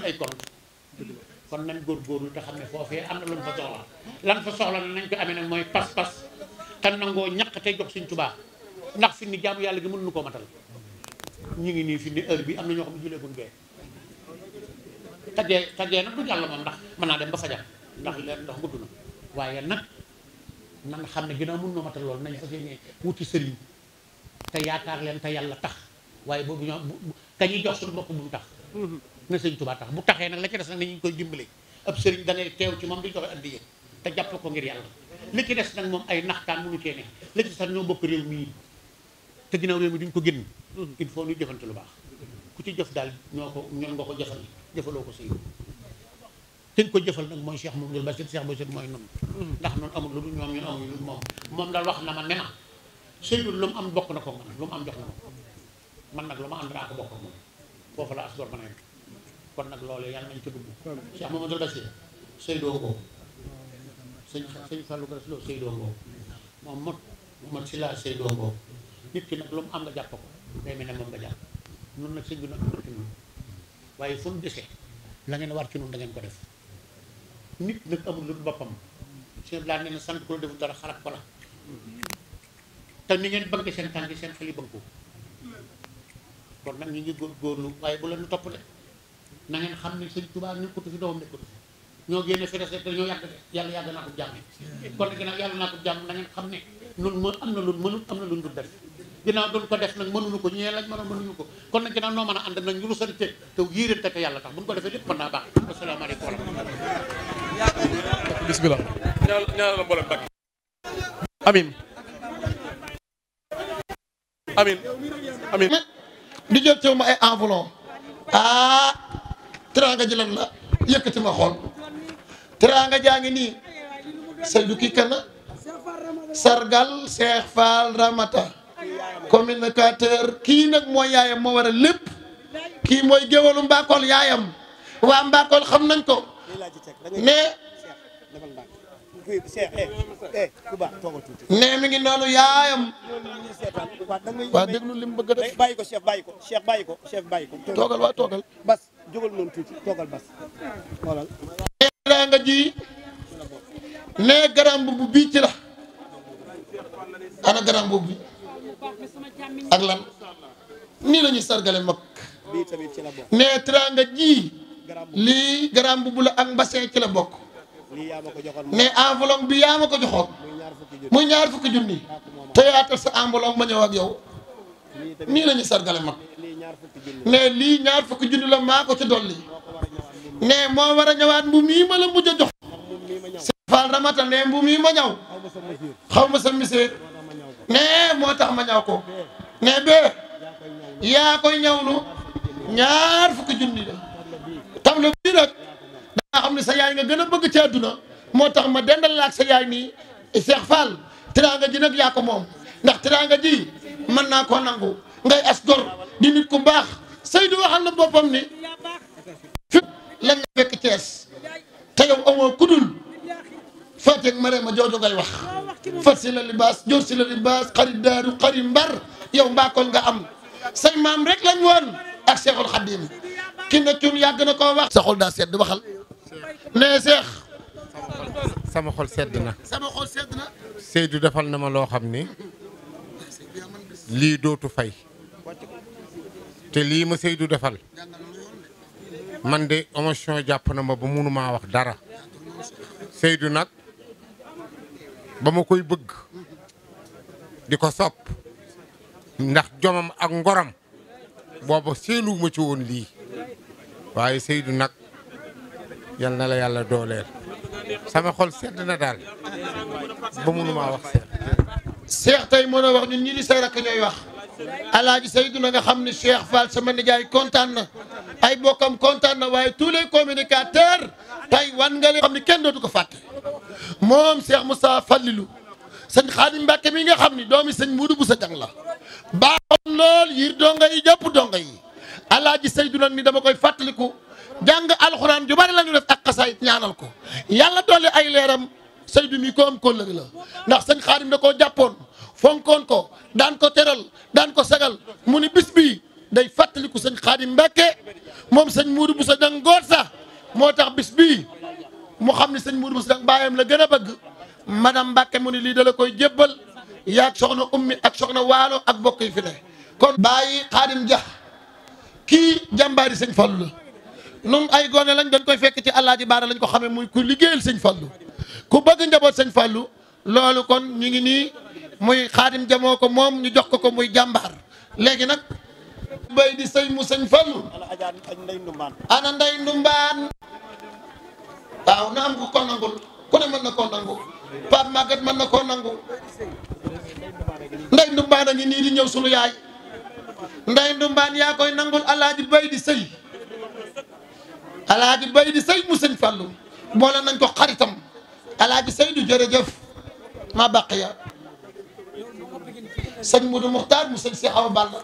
Speaker 10: ay koront kon nañ góorgóorlu te xam ne foofee am na lu ñu soxla lan fa soxla nañ ko amee nag mooy pas-pas te nangoo ñaq te jox suñ tubaa ndax fi ni jaamu yàlla gi mënuñu koo matal ñu ngi nii fi ni heure bi am na ñoo xam ne julee guñ gee tagee tagee nag du jàll moom ndax mën naa dem ba fajar ndax leen ndax gudd na waaye nag nan xam ne ginnaaw mun ma matal loolu nañ fas yéene wuti sëriñ te yaakaar leen te yàlla tax waaye boobu ñoo kañuy jox suñu bopp bu mu tax mhm. na sëñ Tuubaa tax bu taxee nag la ci des nag nañu koy dimbale ab sëriñ da teew ci moom di joxe addiya te jàpp ko ngir yàlla li ci des nag moom ay naxtaan mu cee ne la ci sax ñoo bokk réew mii te ginnaaw réew mi duñ ko génn mhm. il faut ñu jëfante lu baax ku ci jëf daal ñoo ko ñoon nga ko jëfal jëfaloo ko sëy kañ ko jëfal nag mooy Cheikh Mamadou Bachir Cheikh Bachir mooy noonu ndax noonu amul lu dul ñoom ñun amul lu dul moom moom daal wax na ma ne ma sëñ bi lu mu am bokk na ko man lu mu am jox na ko man nag lu ma am danaa ko bokk ak moom foofu la asgor mën a kon nag loolu yàlla nañ ci dugg Cheikh Mamadou Bachir Seydou Ngoo sëñ sëñ Fallou Garas Lo Seydou Ngoo moom mot mot si laa Seydou Ngoo nit ki nag lu mu am nga jàpp ko day mel ne moom nga jàpp nun nag sëñ bi nag ci nun waaye fu nu desee la ngeen war ci nun da ngeen ko def nit nag amul lu boppam sëñ Blanc nee na sant ko la deful dara xarab ko la te ni ngeen bëgg seen tànk seen xel yi bëgg ko kon nag ñu waaye bu leen nu topp de na ngeen xam ne sëñ Tuubaa nekkatu fi doom ñoo génne fi des dañoo yàgg yàgg naa ko jàmm kon nag ginnaaw yàlla naa jàmm na xam ne nun mën am na lu mënul am na lu dul def ginnaaw doon ko def nag mënuñu ko ñee lañ mën a mënuñu ko kon nag ginnaaw noo mën a ànd nag ñu rusante te yéerante yàlla tax bu ñu ko defee lépp mën naa baax asalaamaaleykum wa rahmatulah bismillah ñaanal
Speaker 11: amin di jël teew ma ay enveloppe ah teraanga ji lan la yëkkati ma xool teraanga jaa ngi nii sëñ bi kii sargal Cheikh Fall Ramata communicateur kii nag mooy yaayam moo waral lépp kii mooy géwalu Mbakol yaayam waa Mbakol xam nañ ko mais. nee eh, eh, mi ngi noonu yaayam.
Speaker 2: waa déglu li mu bëgg a def. bàyyi ko chef bàyyi ko chef bàyyi ko chef bàyyi ko. toogal waa toogal.
Speaker 11: bas jógal noonu tuuti toogal bas. xoolal. nee nga ji. nee garam bu bii ci la. ana garam bu bi ak lan. nii la ñuy sargale mag. nee teraanga ji. lii garaam bu la ak mbasin ci la bokk ne enveloppe bi yaa ma ko joxoon muy ñaar fukki junni te yaatal sa enveloppe ma ñëw ak yow nii la ñu sargale mag ne lii ñaar fukki junni la maa ko ci dolli ne moo war a ñëwaat mbu mii ma la mujj a jox faal ramata ne mbu mii ma ñaw xaw ma sa miséer ne moo tax ma ñaw ko ne bee yaa koy ñawlu ñaar fukki junni tableau bii nag dangaa xam ne sa yaay nga gën a bëgg ci àdduna moo tax ma dendal la ak sa yaay nii Cheikh Fall teraanga ji nag yaa ko moom ndax teraanga ji mën naa ko nangu ngay as di nit ku baax Seydou waxal na boppam ni fi lan la fekk Thiès te yow amoo kudul Fatick Marème jooju ngay wax fat si la libaas jor si la libaas xarit daaru xarit mbar yow mbaakol nga am say maam rek lañ woon ak Cheikhul Khadim ki ne cun yàgg na koo wax. sa xol daa sedd waxal. nee seex.
Speaker 10: sama xol sedd na. sama defal na ma loo xam ni lii dootu fay te lii ma Seydou defal man de émotion jàpp na ma ba mënumaa wax dara Seydou nag ba ma koy bëgg di ko sopp ndax jomam ak ngoram booba séenuwuma ci woon lii waaye Seydou nag yal na la yàlla dooleel sama xol sedd na daal ba mënumaa wax seet. Cheikh tey mën a wax ñun ñi say
Speaker 11: rakk ñooy wax alaaji Seydou na nga xam ne Cheikh Fall sama nijaay kontaan na ay bokkam kontaan na waaye tous les communicateurs tey wan nga leen xam ne kenn dootu ko fàtte moom Cheikh Moussa Fallilou sëñ Xaadim Mbàkke mi nga xam ni doomi sëñ Muudu bu sa jàng la baaxoon lool yir donga yi jàpp donga yi alaaji Seydou Lone mi dama koy fàttaliku jàng alxuraan ju bari la ñu def ak ñaanal ko yàlla doole ay leeram Seydou mi ko am kóllëre la ndax sëñ Xaadim da koo jàppoon fonkoon ko daan ko teral daan ko sagal mu ni bis bii day fàttaliku sëñ Xaadim Mbàkke moom sëñ Mourou Boussa Dieng góor moo tax bis bii mu xam ne sëñ Mourou Boussa Dieng baayam la gën a bëgg madame mbake mu ni lii dala koy jébbal yaag soxna ummi ak soxna waalo ak bokk yi fi ne kon bàyyi Xaadim Dia kii yi sëñ Fallu la nun ay gone lañ dañ koy fekk ci Alaaji Baara lañ ko xamee muy ku liggéeyal sëñ Fallu ku bëgg njaboot sañ Fallu loolu kon ñu ngi nii muy xaadim jamoo ko moom ñu jox ko ko muy jàmbaar léegi nag bay di sëñ mu sañ Fallu ana nday ndumbaan waaw na am ku ko nangul ku ne mën na ko nangu Pape Maguette mën na koo nangu nday ndumbaan a ngi nii di ñëw sunu yaay nday ndumbaan yaa koy nangul alaaji bay di sëy alaaji bay di sëy mu sëñ fàllu boole nañ ko xaritam alaaji sëy du jërëjëf ma baqiya sëñ Mudu Muxtaar mu si Awa Balla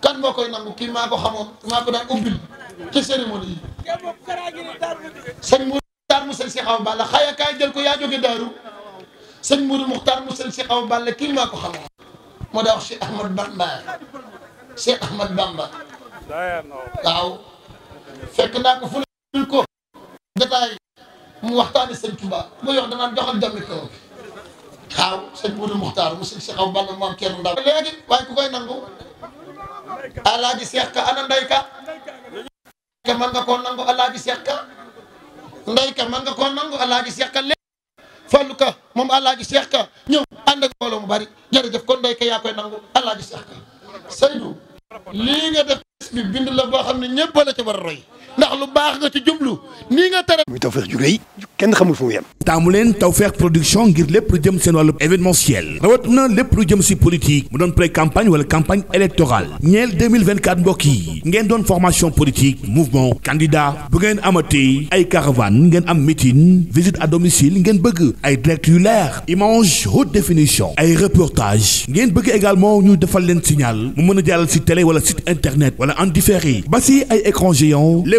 Speaker 11: kan moo koy nangu ko xamoon maa ko daan ubbil ci cérémonie yi sëñ Mudu mu sëñ Muxtaar mu si Awa Balla kii maa ko xamoon moo daa wax si Ahmad Cheikh Ahmad Bamba waaw fekk naa ko fu ne ko détail mu sëñ Touba mu yox danaan joxal jàmmi ko waaw sëñ Moudou mu sëñ si xaw Balla waaye ku koy nangu alaaji Cheikh Ka ana ndey ka ka nga koo nangu alaaji Cheikh Ka ka man nga koo nangu alaaji Cheikh Ka léegi Ka moom alaaji Cheikh Ka ñëw ànd ak mu bari jërëjëf kon ndey ka yaa koy nangu alaaji Cheikh Ka Seydou lii nga def bi bind la boo xam ne ñëpp la ci war a roy
Speaker 1: ndax lu baax nga ci jublu nii nga tere. muy Tawfekh jugee kenn xamul fu mu yem. taamu leen Tawfekh production ngir lépp lu jëm seen wàllu événementiel rawat na lépp lu jëm si politique mu doon pré campagne wala campagne électorale ñeel 2024 mbokk yi ngeen doon formation politique mouvement candidat bu ngeen amatee ay caravane ngeen am meeting visite à domicile ngeen bëgg ay direct yu leer image haute définition ay reportage ngeen bëgg également ñu defal leen signal mu mën a jàllal si télé wala internet wala en différé ba si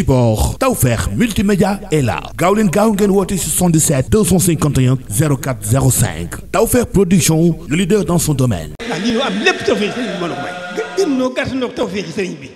Speaker 1: support Tawfekh multimédia est là gaaw leen gaaw ngeen woote 77 251 04 05 Tawfekh production le leader dans son domaine.
Speaker 2: ah lii am lépp tawfeex ci sëriñ bi.